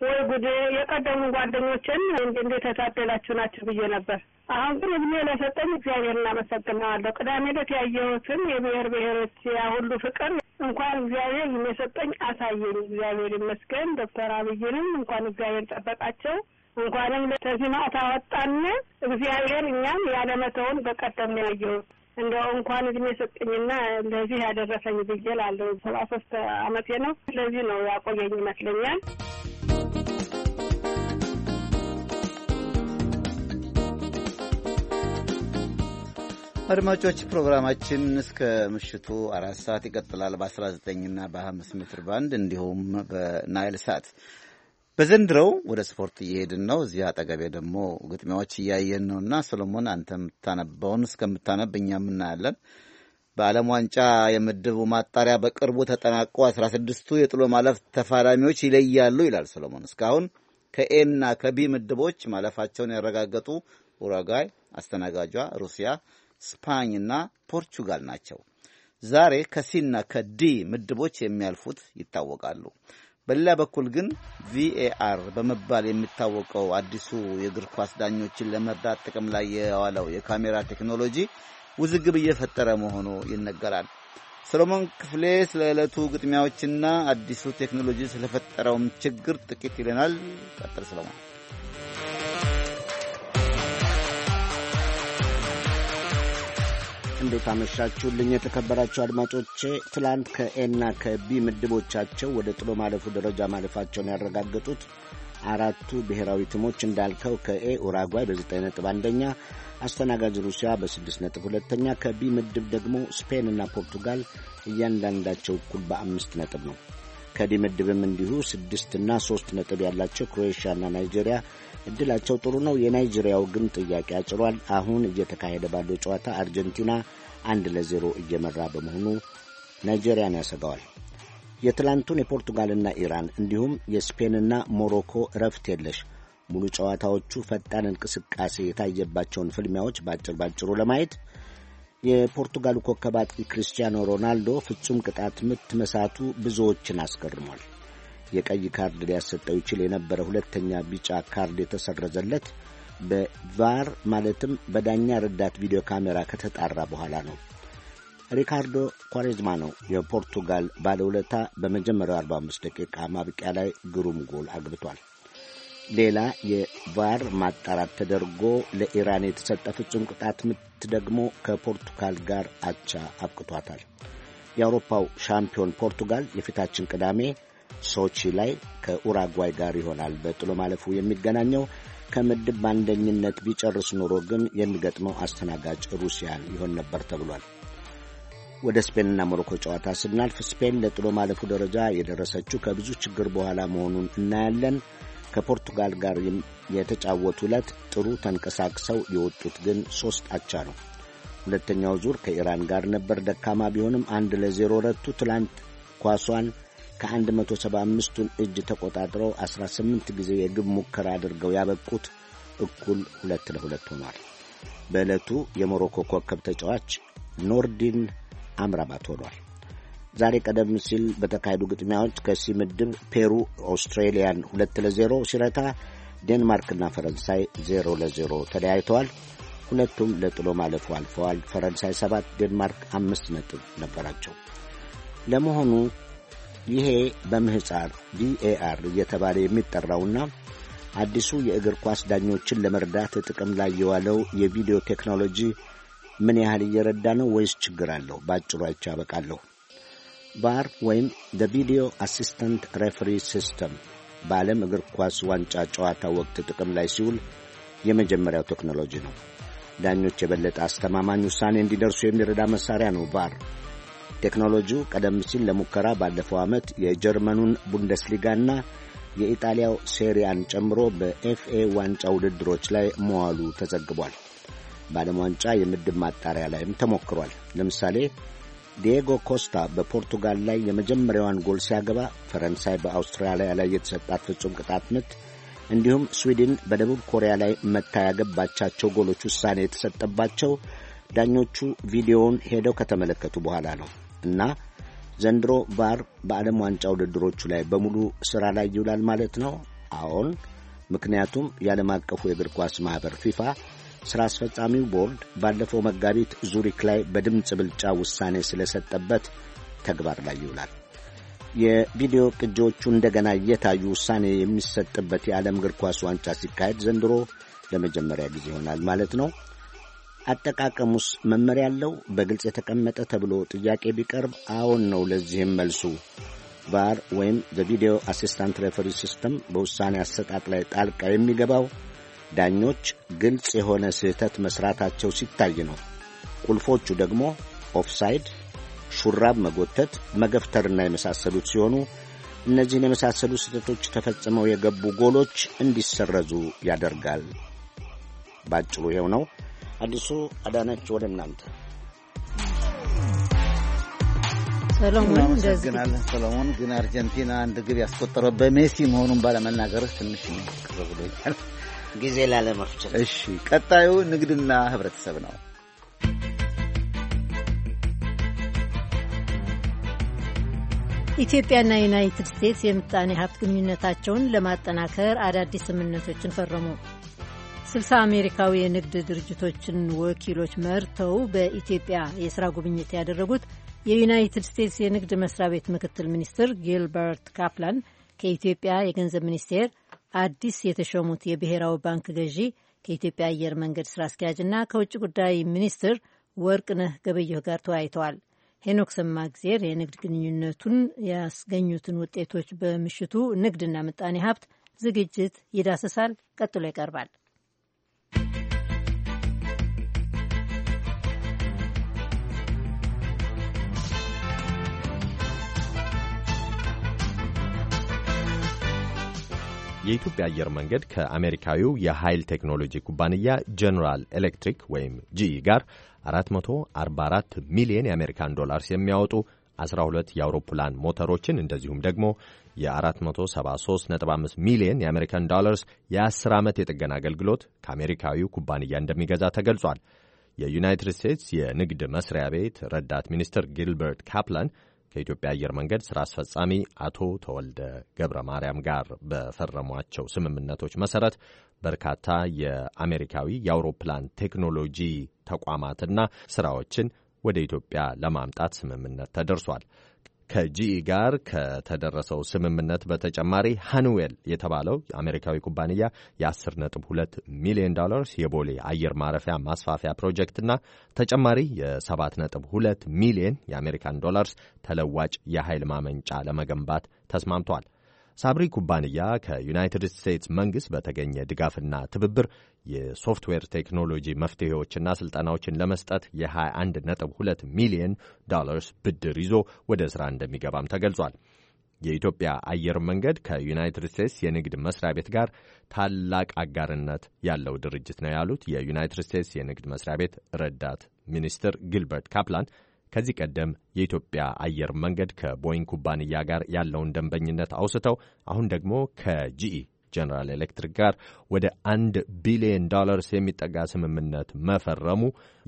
ወይ ጉድ! የቀደሙ ጓደኞችን እንዴት የታደላችሁ ናችሁ ብዬ ነበር። አሁን ግን እድሜ ለሰጠኝ እግዚአብሔር እናመሰግነዋለሁ። ቅዳሜ ዕለት ያየሁትን የብሔር ብሔሮች ያ ሁሉ ፍቅር እንኳን እግዚአብሔር የሰጠኝ አሳየኝ። እግዚአብሔር ይመስገን። ዶክተር አብይንም እንኳን እግዚአብሔር ጠበቃቸው። እንኳንም ተዚማ ታወጣን። እግዚአብሔር እኛም ያለመተውን በቀደም ያየሁት። እንደው እንኳን እድሜ ሰጠኝና ለዚህ ያደረሰኝ ብዬ እላለሁ። ሰባ ሶስት አመቴ ነው። ስለዚህ ነው ያቆየኝ ይመስለኛል። አድማጮች ፕሮግራማችን እስከ ምሽቱ አራት ሰዓት ይቀጥላል። በ19 እና በ5 ሜትር ባንድ እንዲሁም በናይል ሳት በዘንድረው ወደ ስፖርት እየሄድን ነው። እዚህ አጠገቤ ደግሞ ግጥሚያዎች እያየን እና ሰሎሞን፣ አንተ የምታነባውን እስከምታነብ እኛም እናያለን። በዓለም ዋንጫ የምድቡ ማጣሪያ በቅርቡ ተጠናቆ አስራ ስድስቱ የጥሎ ማለፍ ተፋላሚዎች ይለያሉ ይላል ሰሎሞን። እስካሁን ከኤና ከቢ ምድቦች ማለፋቸውን ያረጋገጡ ኡራጋይ፣ አስተናጋጇ ሩሲያ፣ ስፓኝ እና ፖርቹጋል ናቸው። ዛሬ ከሲና ከዲ ምድቦች የሚያልፉት ይታወቃሉ። በሌላ በኩል ግን ቪኤአር በመባል የሚታወቀው አዲሱ የእግር ኳስ ዳኞችን ለመርዳት ጥቅም ላይ የዋለው የካሜራ ቴክኖሎጂ ውዝግብ እየፈጠረ መሆኑ ይነገራል። ሰሎሞን ክፍሌ ስለ ዕለቱ ግጥሚያዎችና አዲሱ ቴክኖሎጂ ስለፈጠረውም ችግር ጥቂት ይለናል። ቀጥል ሰሎሞን። እንዴት አመሻችሁልኝ የተከበራችሁ አድማጮቼ። ትላንት ከኤና ከቢ ምድቦቻቸው ወደ ጥሎ ማለፉ ደረጃ ማለፋቸውን ያረጋገጡት አራቱ ብሔራዊ ቲሞች እንዳልከው ከኤ ኡራጓይ በ9 ነጥብ አንደኛ፣ አስተናጋጅ ሩሲያ በ6 ነጥብ ሁለተኛ፣ ከቢ ምድብ ደግሞ ስፔንና ፖርቱጋል እያንዳንዳቸው እኩል በአምስት ነጥብ ነው። ከዲምድብም እንዲሁ ስድስትና ሶስት ነጥብ ያላቸው ክሮኤሽያና ናይጄሪያ እድላቸው ጥሩ ነው። የናይጄሪያው ግን ጥያቄ አጭሯል። አሁን እየተካሄደ ባለው ጨዋታ አርጀንቲና አንድ ለዜሮ እየመራ በመሆኑ ናይጄሪያን ያሰጋዋል። የትላንቱን የፖርቱጋልና ኢራን እንዲሁም የስፔንና ሞሮኮ እረፍት የለሽ ሙሉ ጨዋታዎቹ ፈጣን እንቅስቃሴ የታየባቸውን ፍልሚያዎች በአጭር ባጭሩ ለማየት የፖርቱጋሉ ኮከብ አጥቂ ክርስቲያኖ ሮናልዶ ፍጹም ቅጣት ምት መሳቱ ብዙዎችን አስገርሟል። የቀይ ካርድ ሊያሰጠው ይችል የነበረ ሁለተኛ ቢጫ ካርድ የተሰረዘለት በቫር ማለትም በዳኛ ረዳት ቪዲዮ ካሜራ ከተጣራ በኋላ ነው። ሪካርዶ ኳሬዝማ ነው የፖርቱጋል ባለውለታ። በመጀመሪያው 45 ደቂቃ ማብቂያ ላይ ግሩም ጎል አግብቷል። ሌላ የቫር ማጣራት ተደርጎ ለኢራን የተሰጠ ፍጹም ቅጣት ምት ደግሞ ከፖርቱጋል ጋር አቻ አብቅቷታል። የአውሮፓው ሻምፒዮን ፖርቱጋል የፊታችን ቅዳሜ ሶቺ ላይ ከኡራጓይ ጋር ይሆናል በጥሎ ማለፉ የሚገናኘው። ከምድብ በአንደኝነት ቢጨርስ ኖሮ ግን የሚገጥመው አስተናጋጅ ሩሲያ ይሆን ነበር ተብሏል። ወደ ስፔንና ሞሮኮ ጨዋታ ስናልፍ ስፔን ለጥሎ ማለፉ ደረጃ የደረሰችው ከብዙ ችግር በኋላ መሆኑን እናያለን። ከፖርቱጋል ጋር የተጫወቱ ዕለት ጥሩ ተንቀሳቅሰው የወጡት ግን ሦስት አቻ ነው። ሁለተኛው ዙር ከኢራን ጋር ነበር። ደካማ ቢሆንም አንድ ለዜሮ ረቱ። ትላንት ኳሷን ከ175ቱን እጅ ተቆጣጥረው 18 ጊዜ የግብ ሙከራ አድርገው ያበቁት እኩል ሁለት ለሁለት ሆኗል። በዕለቱ የሞሮኮ ኮከብ ተጫዋች ኖርዲን አምራባት ሆኗል። ዛሬ ቀደም ሲል በተካሄዱ ግጥሚያዎች ከሲ ምድብ ፔሩ ኦስትሬሊያን ሁለት ለዜሮ ሲረታ ዴንማርክና ፈረንሳይ ዜሮ ለዜሮ ተለያይተዋል። ሁለቱም ለጥሎ ማለፉ አልፈዋል። ፈረንሳይ ሰባት ዴንማርክ አምስት ነጥብ ነበራቸው። ለመሆኑ ይሄ በምህፃር ቪኤአር እየተባለ የሚጠራውና አዲሱ የእግር ኳስ ዳኞችን ለመርዳት ጥቅም ላይ የዋለው የቪዲዮ ቴክኖሎጂ ምን ያህል እየረዳ ነው ወይስ ችግር አለው? በአጭሩ አይቼ አበቃለሁ። ቫር ወይም ደ ቪዲዮ አሲስተንት ሬፈሪ ሲስተም በዓለም እግር ኳስ ዋንጫ ጨዋታ ወቅት ጥቅም ላይ ሲውል የመጀመሪያው ቴክኖሎጂ ነው። ዳኞች የበለጠ አስተማማኝ ውሳኔ እንዲደርሱ የሚረዳ መሳሪያ ነው ቫር። ቴክኖሎጂው ቀደም ሲል ለሙከራ ባለፈው ዓመት የጀርመኑን ቡንደስሊጋና የኢጣሊያው ሴሪያን ጨምሮ በኤፍኤ ዋንጫ ውድድሮች ላይ መዋሉ ተዘግቧል። በዓለም ዋንጫ የምድብ ማጣሪያ ላይም ተሞክሯል። ለምሳሌ ዲየጎ ኮስታ በፖርቱጋል ላይ የመጀመሪያዋን ጎል ሲያገባ ፈረንሳይ በአውስትራሊያ ላይ የተሰጣት ፍጹም ቅጣት ምት እንዲሁም ስዊድን በደቡብ ኮሪያ ላይ መታ ያገባቻቸው ጎሎች ውሳኔ የተሰጠባቸው ዳኞቹ ቪዲዮውን ሄደው ከተመለከቱ በኋላ ነው እና ዘንድሮ ቫር በዓለም ዋንጫ ውድድሮቹ ላይ በሙሉ ሥራ ላይ ይውላል ማለት ነው። አዎን፣ ምክንያቱም የዓለም አቀፉ የእግር ኳስ ማኅበር ፊፋ ሥራ አስፈጻሚው ቦርድ ባለፈው መጋቢት ዙሪክ ላይ በድምፅ ብልጫ ውሳኔ ስለሰጠበት ተግባር ላይ ይውላል። የቪዲዮ ቅጂዎቹ እንደገና እየታዩ ውሳኔ የሚሰጥበት የዓለም እግር ኳስ ዋንጫ ሲካሄድ ዘንድሮ ለመጀመሪያ ጊዜ ይሆናል ማለት ነው። አጠቃቀሙስ መመሪያ ያለው በግልጽ የተቀመጠ ተብሎ ጥያቄ ቢቀርብ አዎን ነው። ለዚህም መልሱ ቫር ወይም ቪዲዮ አሲስታንት ሬፈሪ ሲስተም በውሳኔ አሰጣጥ ላይ ጣልቃ የሚገባው ዳኞች ግልጽ የሆነ ስህተት መሥራታቸው ሲታይ ነው። ቁልፎቹ ደግሞ ኦፍሳይድ፣ ሹራብ መጎተት፣ መገፍተርና የመሳሰሉት ሲሆኑ እነዚህን የመሳሰሉ ስህተቶች ተፈጽመው የገቡ ጎሎች እንዲሰረዙ ያደርጋል። ባጭሩ ይኸው ነው። አዲሱ አዳነች፣ ወደ እናንተ ሰሎሞን። ግን አርጀንቲና አንድ ግብ ያስቆጠረው በሜሲ መሆኑን ባለመናገር። ትንሽ ቅርብ ጊዜ ላለመፍጨት። እሺ፣ ቀጣዩ ንግድና ህብረተሰብ ነው። ኢትዮጵያና ዩናይትድ ስቴትስ የምጣኔ ሀብት ግንኙነታቸውን ለማጠናከር አዳዲስ ስምምነቶችን ፈረሙ። ስልሳ አሜሪካዊ የንግድ ድርጅቶችን ወኪሎች መርተው በኢትዮጵያ የሥራ ጉብኝት ያደረጉት የዩናይትድ ስቴትስ የንግድ መስሪያ ቤት ምክትል ሚኒስትር ጊልበርት ካፕላን ከኢትዮጵያ የገንዘብ ሚኒስቴር አዲስ የተሾሙት የብሔራዊ ባንክ ገዢ ከኢትዮጵያ አየር መንገድ ስራ አስኪያጅና ከውጭ ጉዳይ ሚኒስትር ወርቅነህ ገበየሁ ጋር ተወያይተዋል። ሄኖክ ሰማእግዜር የንግድ ግንኙነቱን ያስገኙትን ውጤቶች በምሽቱ ንግድና ምጣኔ ሀብት ዝግጅት ይዳሰሳል። ቀጥሎ ይቀርባል። የኢትዮጵያ አየር መንገድ ከአሜሪካዊው የኃይል ቴክኖሎጂ ኩባንያ ጄኔራል ኤሌክትሪክ ወይም ጂኢ ጋር 444 ሚሊዮን የአሜሪካን ዶላርስ የሚያወጡ 12 የአውሮፕላን ሞተሮችን እንደዚሁም ደግሞ የ473.5 ሚሊዮን የአሜሪካን ዶላርስ የ10 ዓመት የጥገና አገልግሎት ከአሜሪካዊው ኩባንያ እንደሚገዛ ተገልጿል። የዩናይትድ ስቴትስ የንግድ መስሪያ ቤት ረዳት ሚኒስትር ጊልበርት ካፕላን ከኢትዮጵያ አየር መንገድ ስራ አስፈጻሚ አቶ ተወልደ ገብረ ማርያም ጋር በፈረሟቸው ስምምነቶች መሰረት በርካታ የአሜሪካዊ የአውሮፕላን ቴክኖሎጂ ተቋማትና ስራዎችን ወደ ኢትዮጵያ ለማምጣት ስምምነት ተደርሷል። ከጂኢ ጋር ከተደረሰው ስምምነት በተጨማሪ ሃኑዌል የተባለው አሜሪካዊ ኩባንያ የ10.2 ሚሊዮን ዶላርስ የቦሌ አየር ማረፊያ ማስፋፊያ ፕሮጀክትና ተጨማሪ የ7.2 ሚሊዮን የአሜሪካን ዶላርስ ተለዋጭ የኃይል ማመንጫ ለመገንባት ተስማምቷል። ሳብሪ ኩባንያ ከዩናይትድ ስቴትስ መንግሥት በተገኘ ድጋፍና ትብብር የሶፍትዌር ቴክኖሎጂ መፍትሄዎችና ስልጠናዎችን ለመስጠት የ21.2 ሚሊዮን ዶላርስ ብድር ይዞ ወደ ሥራ እንደሚገባም ተገልጿል። የኢትዮጵያ አየር መንገድ ከዩናይትድ ስቴትስ የንግድ መስሪያ ቤት ጋር ታላቅ አጋርነት ያለው ድርጅት ነው ያሉት የዩናይትድ ስቴትስ የንግድ መስሪያ ቤት ረዳት ሚኒስትር ጊልበርት ካፕላን ከዚህ ቀደም የኢትዮጵያ አየር መንገድ ከቦይንግ ኩባንያ ጋር ያለውን ደንበኝነት አውስተው አሁን ደግሞ ከጂኢ ጀነራል ኤሌክትሪክ ጋር ወደ አንድ ቢሊዮን ዶላርስ የሚጠጋ ስምምነት መፈረሙ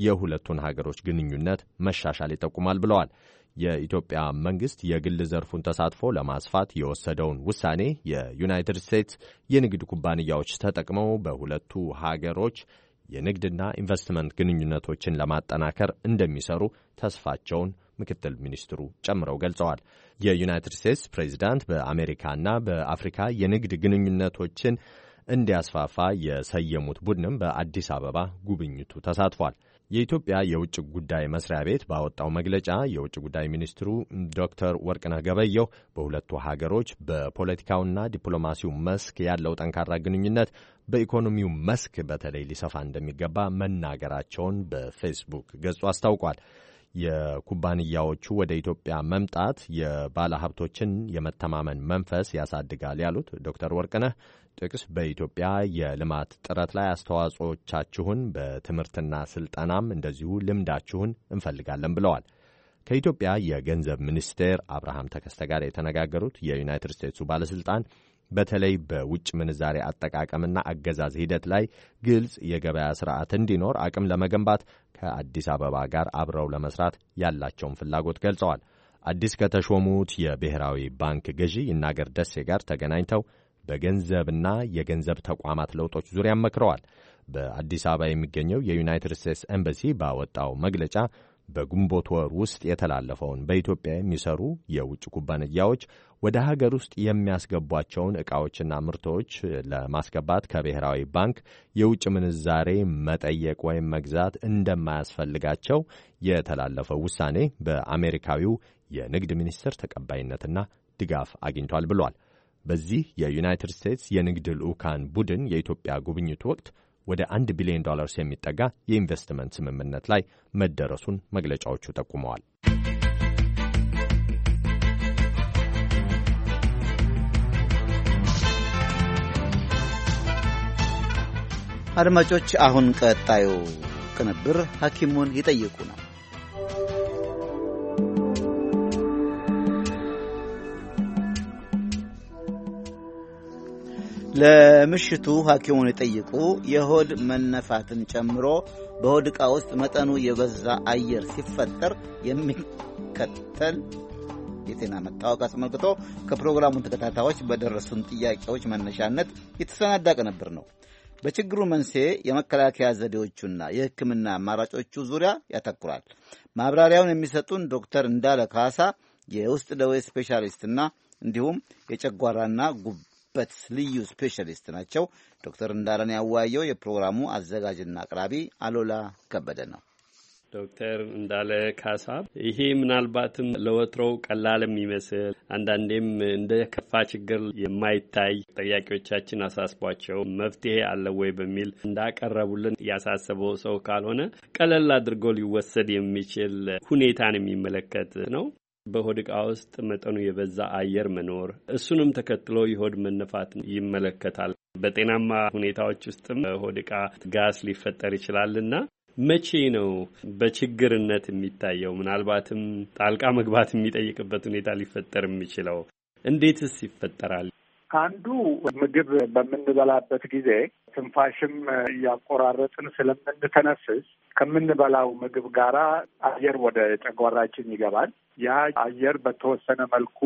የሁለቱን ሀገሮች ግንኙነት መሻሻል ይጠቁማል ብለዋል። የኢትዮጵያ መንግስት የግል ዘርፉን ተሳትፎ ለማስፋት የወሰደውን ውሳኔ የዩናይትድ ስቴትስ የንግድ ኩባንያዎች ተጠቅመው በሁለቱ ሀገሮች የንግድና ኢንቨስትመንት ግንኙነቶችን ለማጠናከር እንደሚሰሩ ተስፋቸውን ምክትል ሚኒስትሩ ጨምረው ገልጸዋል። የዩናይትድ ስቴትስ ፕሬዚዳንት በአሜሪካና በአፍሪካ የንግድ ግንኙነቶችን እንዲያስፋፋ የሰየሙት ቡድንም በአዲስ አበባ ጉብኝቱ ተሳትፏል። የኢትዮጵያ የውጭ ጉዳይ መስሪያ ቤት ባወጣው መግለጫ የውጭ ጉዳይ ሚኒስትሩ ዶክተር ወርቅነህ ገበየሁ በሁለቱ ሀገሮች በፖለቲካውና ዲፕሎማሲው መስክ ያለው ጠንካራ ግንኙነት በኢኮኖሚው መስክ በተለይ ሊሰፋ እንደሚገባ መናገራቸውን በፌስቡክ ገጹ አስታውቋል። የኩባንያዎቹ ወደ ኢትዮጵያ መምጣት የባለሀብቶችን የመተማመን መንፈስ ያሳድጋል ያሉት ዶክተር ወርቅነህ ጥቅስ በኢትዮጵያ የልማት ጥረት ላይ አስተዋጽኦቻችሁን በትምህርትና ስልጠናም እንደዚሁ ልምዳችሁን እንፈልጋለን ብለዋል። ከኢትዮጵያ የገንዘብ ሚኒስቴር አብርሃም ተከስተ ጋር የተነጋገሩት የዩናይትድ ስቴትሱ ባለስልጣን በተለይ በውጭ ምንዛሬ አጠቃቀምና አገዛዝ ሂደት ላይ ግልጽ የገበያ ስርዓት እንዲኖር አቅም ለመገንባት ከአዲስ አበባ ጋር አብረው ለመስራት ያላቸውን ፍላጎት ገልጸዋል። አዲስ ከተሾሙት የብሔራዊ ባንክ ገዢ ይናገር ደሴ ጋር ተገናኝተው በገንዘብና የገንዘብ ተቋማት ለውጦች ዙሪያ መክረዋል። በአዲስ አበባ የሚገኘው የዩናይትድ ስቴትስ ኤምባሲ ባወጣው መግለጫ በግንቦት ወር ውስጥ የተላለፈውን በኢትዮጵያ የሚሰሩ የውጭ ኩባንያዎች ወደ ሀገር ውስጥ የሚያስገቧቸውን እቃዎችና ምርቶች ለማስገባት ከብሔራዊ ባንክ የውጭ ምንዛሬ መጠየቅ ወይም መግዛት እንደማያስፈልጋቸው የተላለፈው ውሳኔ በአሜሪካዊው የንግድ ሚኒስትር ተቀባይነትና ድጋፍ አግኝቷል ብሏል። በዚህ የዩናይትድ ስቴትስ የንግድ ልዑካን ቡድን የኢትዮጵያ ጉብኝቱ ወቅት ወደ አንድ ቢሊዮን ዶላርስ የሚጠጋ የኢንቨስትመንት ስምምነት ላይ መደረሱን መግለጫዎቹ ጠቁመዋል። አድማጮች፣ አሁን ቀጣዩ ቅንብር ሐኪሙን ይጠይቁ ነው። ለምሽቱ ሐኪሙን ይጠይቁ የሆድ መነፋትን ጨምሮ በሆድ ዕቃ ውስጥ መጠኑ የበዛ አየር ሲፈጠር የሚከተል የጤና መታወቅ አስመልክቶ ከፕሮግራሙ ተከታታዮች በደረሱን ጥያቄዎች መነሻነት የተሰናዳ ቅንብር ነው። በችግሩ መንስኤ የመከላከያ ዘዴዎቹና የሕክምና አማራጮቹ ዙሪያ ያተኩራል። ማብራሪያውን የሚሰጡን ዶክተር እንዳለ ካሳ የውስጥ ደዌ ስፔሻሊስትና እንዲሁም የጨጓራና ጉበት ልዩ ስፔሻሊስት ናቸው። ዶክተር እንዳለን ያወያየው የፕሮግራሙ አዘጋጅና አቅራቢ አሎላ ከበደ ነው። ዶክተር እንዳለ ካሳ ይሄ ምናልባትም ለወትሮው ቀላል የሚመስል አንዳንዴም እንደ ከፋ ችግር የማይታይ ጥያቄዎቻችን አሳስቧቸው መፍትሄ አለ ወይ በሚል እንዳቀረቡልን ያሳሰበው ሰው ካልሆነ ቀለል አድርጎ ሊወሰድ የሚችል ሁኔታን የሚመለከት ነው። በሆድ ዕቃ ውስጥ መጠኑ የበዛ አየር መኖር እሱንም ተከትሎ የሆድ መነፋት ይመለከታል። በጤናማ ሁኔታዎች ውስጥም ሆድ ዕቃ ጋስ ሊፈጠር ይችላልና መቼ ነው በችግርነት የሚታየው? ምናልባትም ጣልቃ መግባት የሚጠይቅበት ሁኔታ ሊፈጠር የሚችለው እንዴትስ ይፈጠራል? አንዱ ምግብ በምንበላበት ጊዜ ትንፋሽም እያቆራረጥን ስለምንተነፍስ ከምንበላው ምግብ ጋራ አየር ወደ ጨጓራችን ይገባል። ያ አየር በተወሰነ መልኩ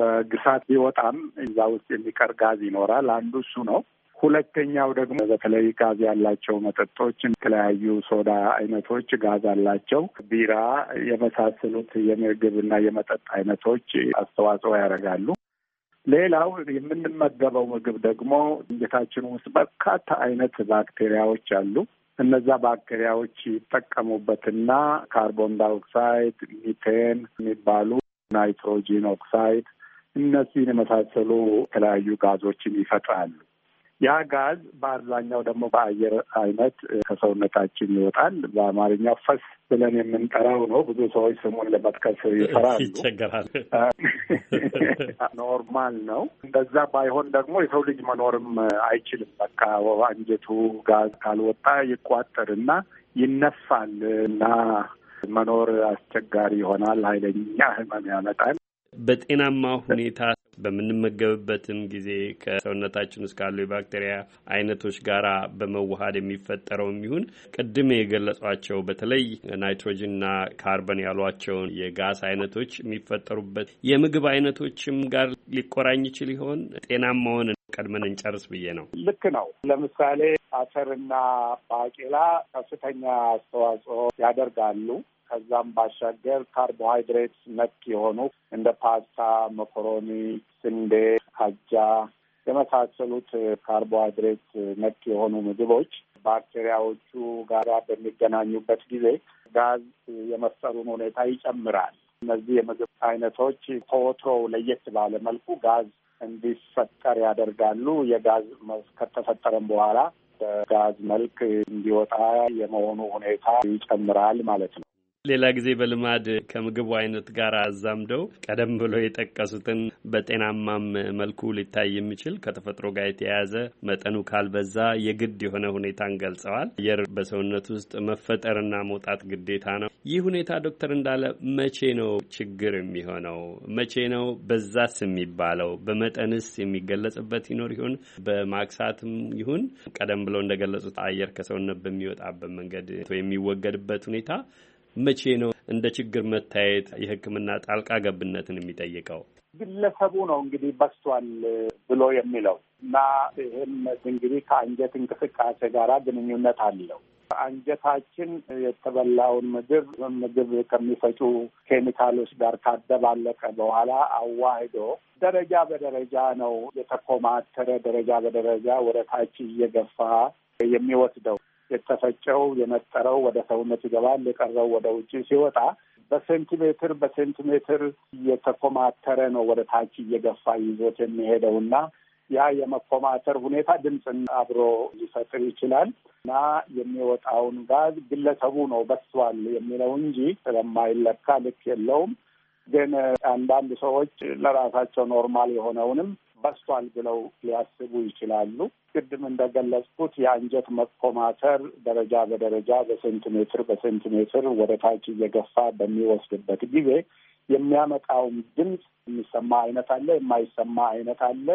በግሳት ቢወጣም እዛ ውስጥ የሚቀር ጋዝ ይኖራል። አንዱ እሱ ነው። ሁለተኛው ደግሞ በተለይ ጋዝ ያላቸው መጠጦች፣ የተለያዩ ሶዳ አይነቶች ጋዝ አላቸው፣ ቢራ የመሳሰሉት የምግብና የመጠጥ አይነቶች አስተዋጽኦ ያደርጋሉ። ሌላው የምንመገበው ምግብ ደግሞ አንጀታችን ውስጥ በርካታ አይነት ባክቴሪያዎች አሉ። እነዛ ባክቴሪያዎች ይጠቀሙበትና ካርቦን ዳይኦክሳይድ፣ ሚቴን የሚባሉ ናይትሮጂን ኦክሳይድ እነዚህን የመሳሰሉ የተለያዩ ጋዞችን ይፈጥራሉ። ያ ጋዝ በአብዛኛው ደግሞ በአየር አይነት ከሰውነታችን ይወጣል። በአማርኛው ፈስ ብለን የምንጠራው ነው። ብዙ ሰዎች ስሙን ለመጥቀስ ይፈራሉ፣ ይቸገራል። ኖርማል ነው። እንደዛ ባይሆን ደግሞ የሰው ልጅ መኖርም አይችልም። በቃ አንጀቱ ጋዝ ካልወጣ ይቋጠርና ይነፋል እና መኖር አስቸጋሪ ይሆናል። ኃይለኛ ህመም ያመጣል። በጤናማ ሁኔታ በምንመገብበትም ጊዜ ከሰውነታችን ውስጥ ካሉ የባክቴሪያ አይነቶች ጋር በመዋሃድ የሚፈጠረውም ይሁን ቅድም የገለጿቸው በተለይ ናይትሮጅንና ካርበን ያሏቸውን የጋስ አይነቶች የሚፈጠሩበት የምግብ አይነቶችም ጋር ሊቆራኝ ይችል ይሆን? ጤናማውን ቀድመን እንጨርስ ብዬ ነው። ልክ ነው። ለምሳሌ አተርና ባቄላ ከፍተኛ አስተዋጽኦ ያደርጋሉ። ከዛም ባሻገር ካርቦሃይድሬት ነክ የሆኑ እንደ ፓስታ፣ መኮሮኒ፣ ስንዴ፣ አጃ የመሳሰሉት ካርቦሃይድሬት ነክ የሆኑ ምግቦች ባክቴሪያዎቹ ጋራ በሚገናኙበት ጊዜ ጋዝ የመፍጠሩን ሁኔታ ይጨምራል። እነዚህ የምግብ አይነቶች ከወትሮው ለየት ባለ መልኩ ጋዝ እንዲፈጠር ያደርጋሉ። የጋዝ ከተፈጠረም በኋላ በጋዝ መልክ እንዲወጣ የመሆኑ ሁኔታ ይጨምራል ማለት ነው። ሌላ ጊዜ በልማድ ከምግቡ አይነት ጋር አዛምደው ቀደም ብሎ የጠቀሱትን በጤናማም መልኩ ሊታይ የሚችል ከተፈጥሮ ጋር የተያያዘ መጠኑ ካልበዛ የግድ የሆነ ሁኔታን ገልጸዋል። አየር በሰውነት ውስጥ መፈጠርና መውጣት ግዴታ ነው። ይህ ሁኔታ ዶክተር እንዳለ መቼ ነው ችግር የሚሆነው? መቼ ነው በዛስ የሚባለው? በመጠንስ የሚገለጽበት ይኖር ይሆን? በማክሳትም ይሁን ቀደም ብለው እንደገለጹት አየር ከሰውነት በሚወጣበት መንገድ የሚወገድበት ሁኔታ መቼ ነው እንደ ችግር መታየት የሕክምና ጣልቃ ገብነትን የሚጠይቀው? ግለሰቡ ነው እንግዲህ በስቷል ብሎ የሚለው እና ይህም እንግዲህ ከአንጀት እንቅስቃሴ ጋር ግንኙነት አለው። አንጀታችን የተበላውን ምግብ ምግብ ከሚፈጩ ኬሚካሎች ጋር ካደባለቀ በኋላ አዋህዶ ደረጃ በደረጃ ነው የተኮማተረ ደረጃ በደረጃ ወደ ታች እየገፋ የሚወስደው። የተፈጨው የነጠረው ወደ ሰውነት ይገባል፣ የቀረው ወደ ውጭ ሲወጣ በሴንቲሜትር በሴንቲሜትር እየተኮማተረ ነው ወደ ታች እየገፋ ይዞት የሚሄደው እና ያ የመኮማተር ሁኔታ ድምፅን አብሮ ሊፈጥር ይችላል እና የሚወጣውን ጋዝ ግለሰቡ ነው በስቷል የሚለው እንጂ ስለማይለካ ልክ የለውም። ግን አንዳንድ ሰዎች ለራሳቸው ኖርማል የሆነውንም በስቷል ብለው ሊያስቡ ይችላሉ። ቅድም እንደገለጽኩት የአንጀት መቆማተር ደረጃ በደረጃ በሴንቲሜትር በሴንቲሜትር ወደ ታች እየገፋ በሚወስድበት ጊዜ የሚያመጣውም ድምፅ የሚሰማ አይነት አለ፣ የማይሰማ አይነት አለ።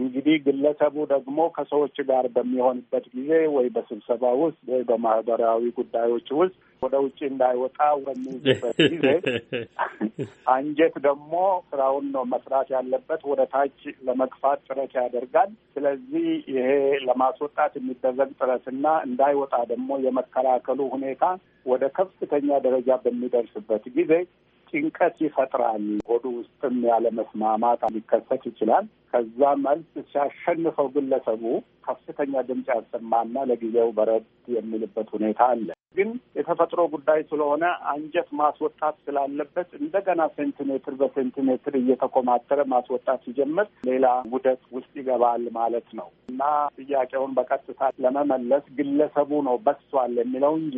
እንግዲህ ግለሰቡ ደግሞ ከሰዎች ጋር በሚሆንበት ጊዜ ወይ በስብሰባ ውስጥ ወይ በማህበራዊ ጉዳዮች ውስጥ ወደ ውጭ እንዳይወጣ በሚይዝበት ጊዜ አንጀት ደግሞ ስራውን ነው መስራት ያለበት፣ ወደ ታች ለመግፋት ጥረት ያደርጋል። ስለዚህ ይሄ ለማስወጣት የሚደረግ ጥረትና እንዳይወጣ ደግሞ የመከላከሉ ሁኔታ ወደ ከፍተኛ ደረጃ በሚደርስበት ጊዜ ጭንቀት ይፈጥራል። ሆዱ ውስጥም ያለመስማማት ሊከሰት ይችላል። ከዛ መልስ ሲያሸንፈው ግለሰቡ ከፍተኛ ድምፅ ያሰማና ለጊዜው በረድ የሚልበት ሁኔታ አለ። ግን የተፈጥሮ ጉዳይ ስለሆነ አንጀት ማስወጣት ስላለበት እንደገና ሴንቲሜትር በሴንቲሜትር እየተኮማተረ ማስወጣት ሲጀምር ሌላ ውደት ውስጥ ይገባል ማለት ነው እና ጥያቄውን በቀጥታ ለመመለስ ግለሰቡ ነው በሷል የሚለው እንጂ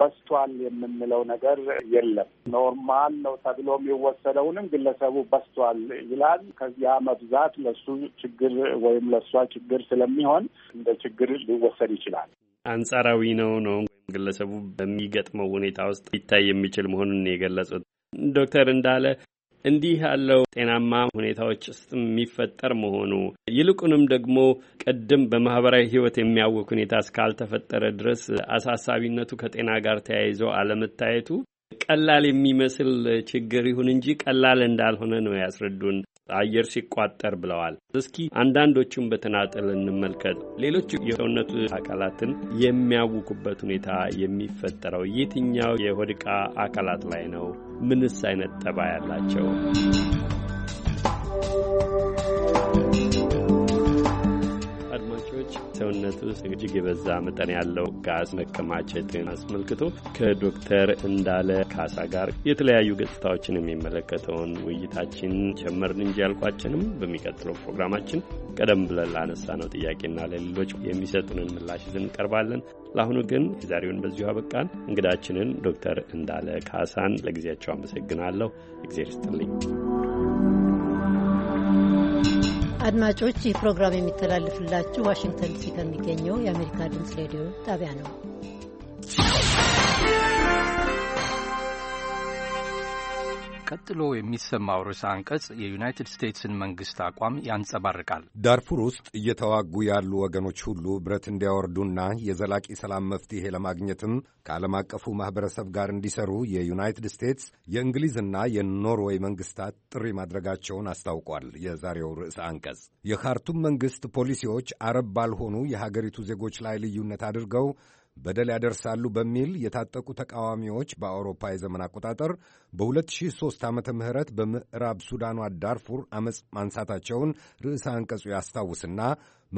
በስቷል የምንለው ነገር የለም። ኖርማል ነው ተብሎ የሚወሰደውንም ግለሰቡ በስቷል ይላል። ከዚያ መብዛት ለሱ ችግር ወይም ለእሷ ችግር ስለሚሆን እንደ ችግር ሊወሰድ ይችላል። አንጻራዊ ነው ነው ግለሰቡ በሚገጥመው ሁኔታ ውስጥ ሊታይ የሚችል መሆኑን የገለጹት ዶክተር እንዳለ እንዲህ ያለው ጤናማ ሁኔታዎች ውስጥ የሚፈጠር መሆኑ ይልቁንም ደግሞ ቅድም በማህበራዊ ህይወት የሚያወቅ ሁኔታ እስካልተፈጠረ ድረስ አሳሳቢነቱ ከጤና ጋር ተያይዞ አለመታየቱ ቀላል የሚመስል ችግር ይሁን እንጂ ቀላል እንዳልሆነ ነው ያስረዱን አየር ሲቋጠር ብለዋል። እስኪ አንዳንዶቹን በተናጠል እንመልከት። ሌሎች የሰውነቱ አካላትን የሚያውኩበት ሁኔታ የሚፈጠረው የትኛው የሆድ ዕቃ አካላት ላይ ነው? ምንስ አይነት ጠባ ያላቸው ሰውነት ውስጥ እጅግ የበዛ መጠን ያለው ጋዝ መከማቸትን አስመልክቶ ከዶክተር እንዳለ ካሳ ጋር የተለያዩ ገጽታዎችን የሚመለከተውን ውይይታችን ጀመርን እንጂ ያልኳችንም በሚቀጥለው ፕሮግራማችን ቀደም ብለን ላነሳ ነው ጥያቄና ለሌሎች የሚሰጡንን ምላሽ ይዘን እንቀርባለን። ለአሁኑ ግን የዛሬውን በዚሁ አበቃን። እንግዳችንን ዶክተር እንዳለ ካሳን ለጊዜያቸው አመሰግናለሁ። እግዜር ይስጥልኝ። አድማጮች ይህ ፕሮግራም የሚተላለፍላችሁ ዋሽንግተን ዲሲ ከሚገኘው የአሜሪካ ድምፅ ሬዲዮ ጣቢያ ነው። ቀጥሎ የሚሰማው ርዕሰ አንቀጽ የዩናይትድ ስቴትስን መንግሥት አቋም ያንጸባርቃል። ዳርፉር ውስጥ እየተዋጉ ያሉ ወገኖች ሁሉ ብረት እንዲያወርዱና የዘላቂ ሰላም መፍትሔ ለማግኘትም ከዓለም አቀፉ ማኅበረሰብ ጋር እንዲሰሩ የዩናይትድ ስቴትስ የእንግሊዝና የኖርዌይ መንግሥታት ጥሪ ማድረጋቸውን አስታውቋል። የዛሬው ርዕሰ አንቀጽ የካርቱም መንግሥት ፖሊሲዎች አረብ ባልሆኑ የሀገሪቱ ዜጎች ላይ ልዩነት አድርገው በደል ያደርሳሉ በሚል የታጠቁ ተቃዋሚዎች በአውሮፓ የዘመን አቆጣጠር በ2003 ዓ ምህረት በምዕራብ ሱዳኗ ዳርፉር አመፅ ማንሳታቸውን ርዕሰ አንቀጹ ያስታውስና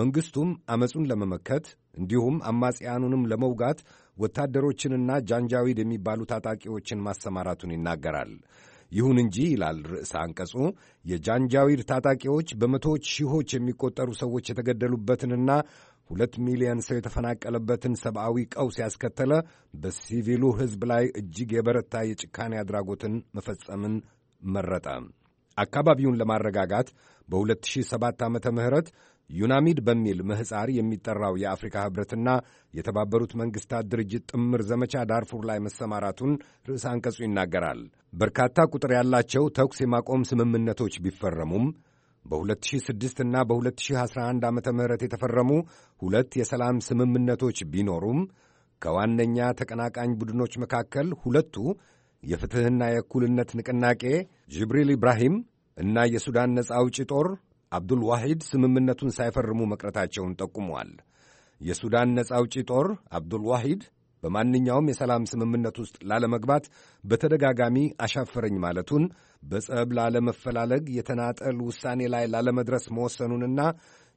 መንግሥቱም አመፁን ለመመከት እንዲሁም አማጽያኑንም ለመውጋት ወታደሮችንና ጃንጃዊድ የሚባሉ ታጣቂዎችን ማሰማራቱን ይናገራል። ይሁን እንጂ ይላል ርዕሰ አንቀጹ የጃንጃዊድ ታጣቂዎች በመቶዎች ሺዎች የሚቆጠሩ ሰዎች የተገደሉበትንና ሁለት ሚሊዮን ሰው የተፈናቀለበትን ሰብአዊ ቀውስ ያስከተለ በሲቪሉ ሕዝብ ላይ እጅግ የበረታ የጭካኔ አድራጎትን መፈጸምን መረጠ። አካባቢውን ለማረጋጋት በ2007 ዓ ምህረት ዩናሚድ በሚል ምህፃር የሚጠራው የአፍሪካ ኅብረትና የተባበሩት መንግሥታት ድርጅት ጥምር ዘመቻ ዳርፉር ላይ መሰማራቱን ርዕሰ አንቀጹ ይናገራል። በርካታ ቁጥር ያላቸው ተኩስ የማቆም ስምምነቶች ቢፈረሙም በ2006 እና በ2011 ዓ ም የተፈረሙ ሁለት የሰላም ስምምነቶች ቢኖሩም ከዋነኛ ተቀናቃኝ ቡድኖች መካከል ሁለቱ የፍትሕና የእኩልነት ንቅናቄ ጅብሪል ኢብራሂም እና የሱዳን ነጻ አውጪ ጦር አብዱልዋሂድ ስምምነቱን ሳይፈርሙ መቅረታቸውን ጠቁመዋል። የሱዳን ነጻ አውጪ ጦር አብዱልዋሂድ። በማንኛውም የሰላም ስምምነት ውስጥ ላለመግባት በተደጋጋሚ አሻፈረኝ ማለቱን በጸብ ላለመፈላለግ የተናጠል ውሳኔ ላይ ላለመድረስ መወሰኑንና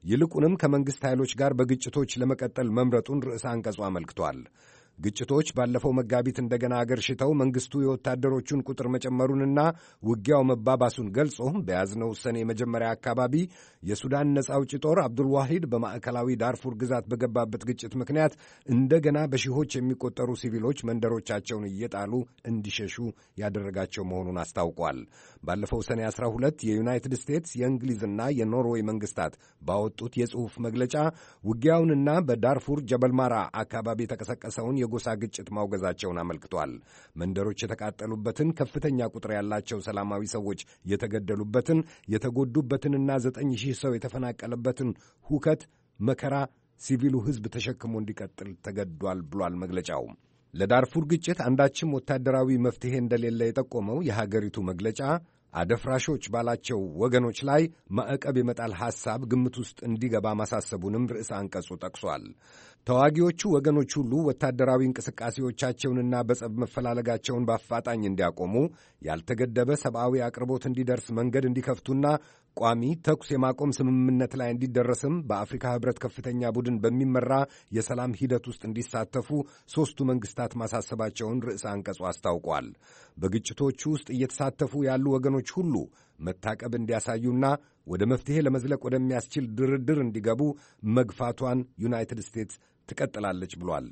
ይልቁንም ከመንግሥት ኃይሎች ጋር በግጭቶች ለመቀጠል መምረጡን ርዕሰ አንቀጹ አመልክቷል። ግጭቶች ባለፈው መጋቢት እንደገና አገር ሽተው መንግሥቱ የወታደሮቹን ቁጥር መጨመሩንና ውጊያው መባባሱን ገልጾ በያዝነው ሰኔ መጀመሪያ አካባቢ የሱዳን ነጻ አውጪ ጦር አብዱልዋሂድ በማዕከላዊ ዳርፉር ግዛት በገባበት ግጭት ምክንያት እንደገና በሺዎች የሚቆጠሩ ሲቪሎች መንደሮቻቸውን እየጣሉ እንዲሸሹ ያደረጋቸው መሆኑን አስታውቋል። ባለፈው ሰኔ 12 የዩናይትድ ስቴትስ የእንግሊዝና የኖርዌይ መንግስታት ባወጡት የጽሑፍ መግለጫ ውጊያውንና በዳርፉር ጀበልማራ አካባቢ የተቀሰቀሰውን የጎሳ ግጭት ማውገዛቸውን አመልክቷል። መንደሮች የተቃጠሉበትን፣ ከፍተኛ ቁጥር ያላቸው ሰላማዊ ሰዎች የተገደሉበትን፣ የተጎዱበትንና ዘጠኝ ሺህ ሰው የተፈናቀለበትን ሁከት መከራ ሲቪሉ ሕዝብ ተሸክሞ እንዲቀጥል ተገዷል ብሏል መግለጫው። ለዳርፉር ግጭት አንዳችም ወታደራዊ መፍትሔ እንደሌለ የጠቆመው የሀገሪቱ መግለጫ አደፍራሾች ባላቸው ወገኖች ላይ ማዕቀብ የመጣል ሐሳብ ግምት ውስጥ እንዲገባ ማሳሰቡንም ርዕሰ አንቀጹ ጠቅሷል። ተዋጊዎቹ ወገኖች ሁሉ ወታደራዊ እንቅስቃሴዎቻቸውንና በጸብ መፈላለጋቸውን በአፋጣኝ እንዲያቆሙ፣ ያልተገደበ ሰብአዊ አቅርቦት እንዲደርስ መንገድ እንዲከፍቱና ቋሚ ተኩስ የማቆም ስምምነት ላይ እንዲደረስም በአፍሪካ ህብረት ከፍተኛ ቡድን በሚመራ የሰላም ሂደት ውስጥ እንዲሳተፉ ሦስቱ መንግስታት ማሳሰባቸውን ርዕሰ አንቀጹ አስታውቋል። በግጭቶቹ ውስጥ እየተሳተፉ ያሉ ወገኖች ሁሉ መታቀብ እንዲያሳዩና ወደ መፍትሔ ለመዝለቅ ወደሚያስችል ድርድር እንዲገቡ መግፋቷን ዩናይትድ ስቴትስ ትቀጥላለች ብሏል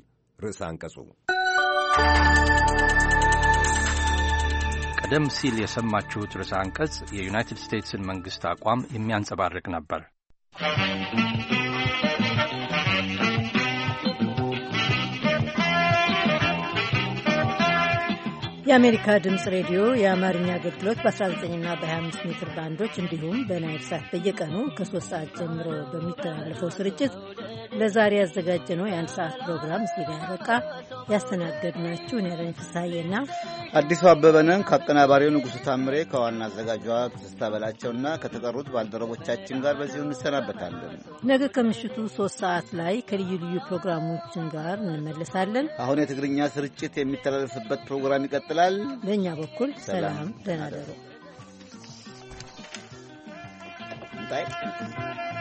ርዕሰ አንቀጹ። ቀደም ሲል የሰማችሁት ርዕሰ አንቀጽ የዩናይትድ ስቴትስን መንግሥት አቋም የሚያንጸባርቅ ነበር። የአሜሪካ ድምፅ ሬዲዮ የአማርኛ አገልግሎት በ19ና በ25 ሜትር ባንዶች እንዲሁም በናይል ሳት በየቀኑ ከሶስት ሰዓት ጀምሮ በሚተላለፈው ስርጭት ለዛሬ ያዘጋጀነው የአንድ ሰዓት ፕሮግራም እዚህ ጋር ያበቃ። ያስተናገድናችሁ ኔረኝ ፍሳዬና አዲሱ አበበነን ከአቀናባሪው ንጉሱ ታምሬ ከዋና አዘጋጇ ትስታ በላቸውና ከተቀሩት ባልደረቦቻችን ጋር በዚሁ እንሰናበታለን። ነገ ከምሽቱ ሶስት ሰዓት ላይ ከልዩ ልዩ ፕሮግራሞችን ጋር እንመለሳለን። አሁን የትግርኛ ስርጭት የሚተላለፍበት ፕሮግራም ይቀጥላል። በእኛ በኩል ሰላም፣ ደህና you.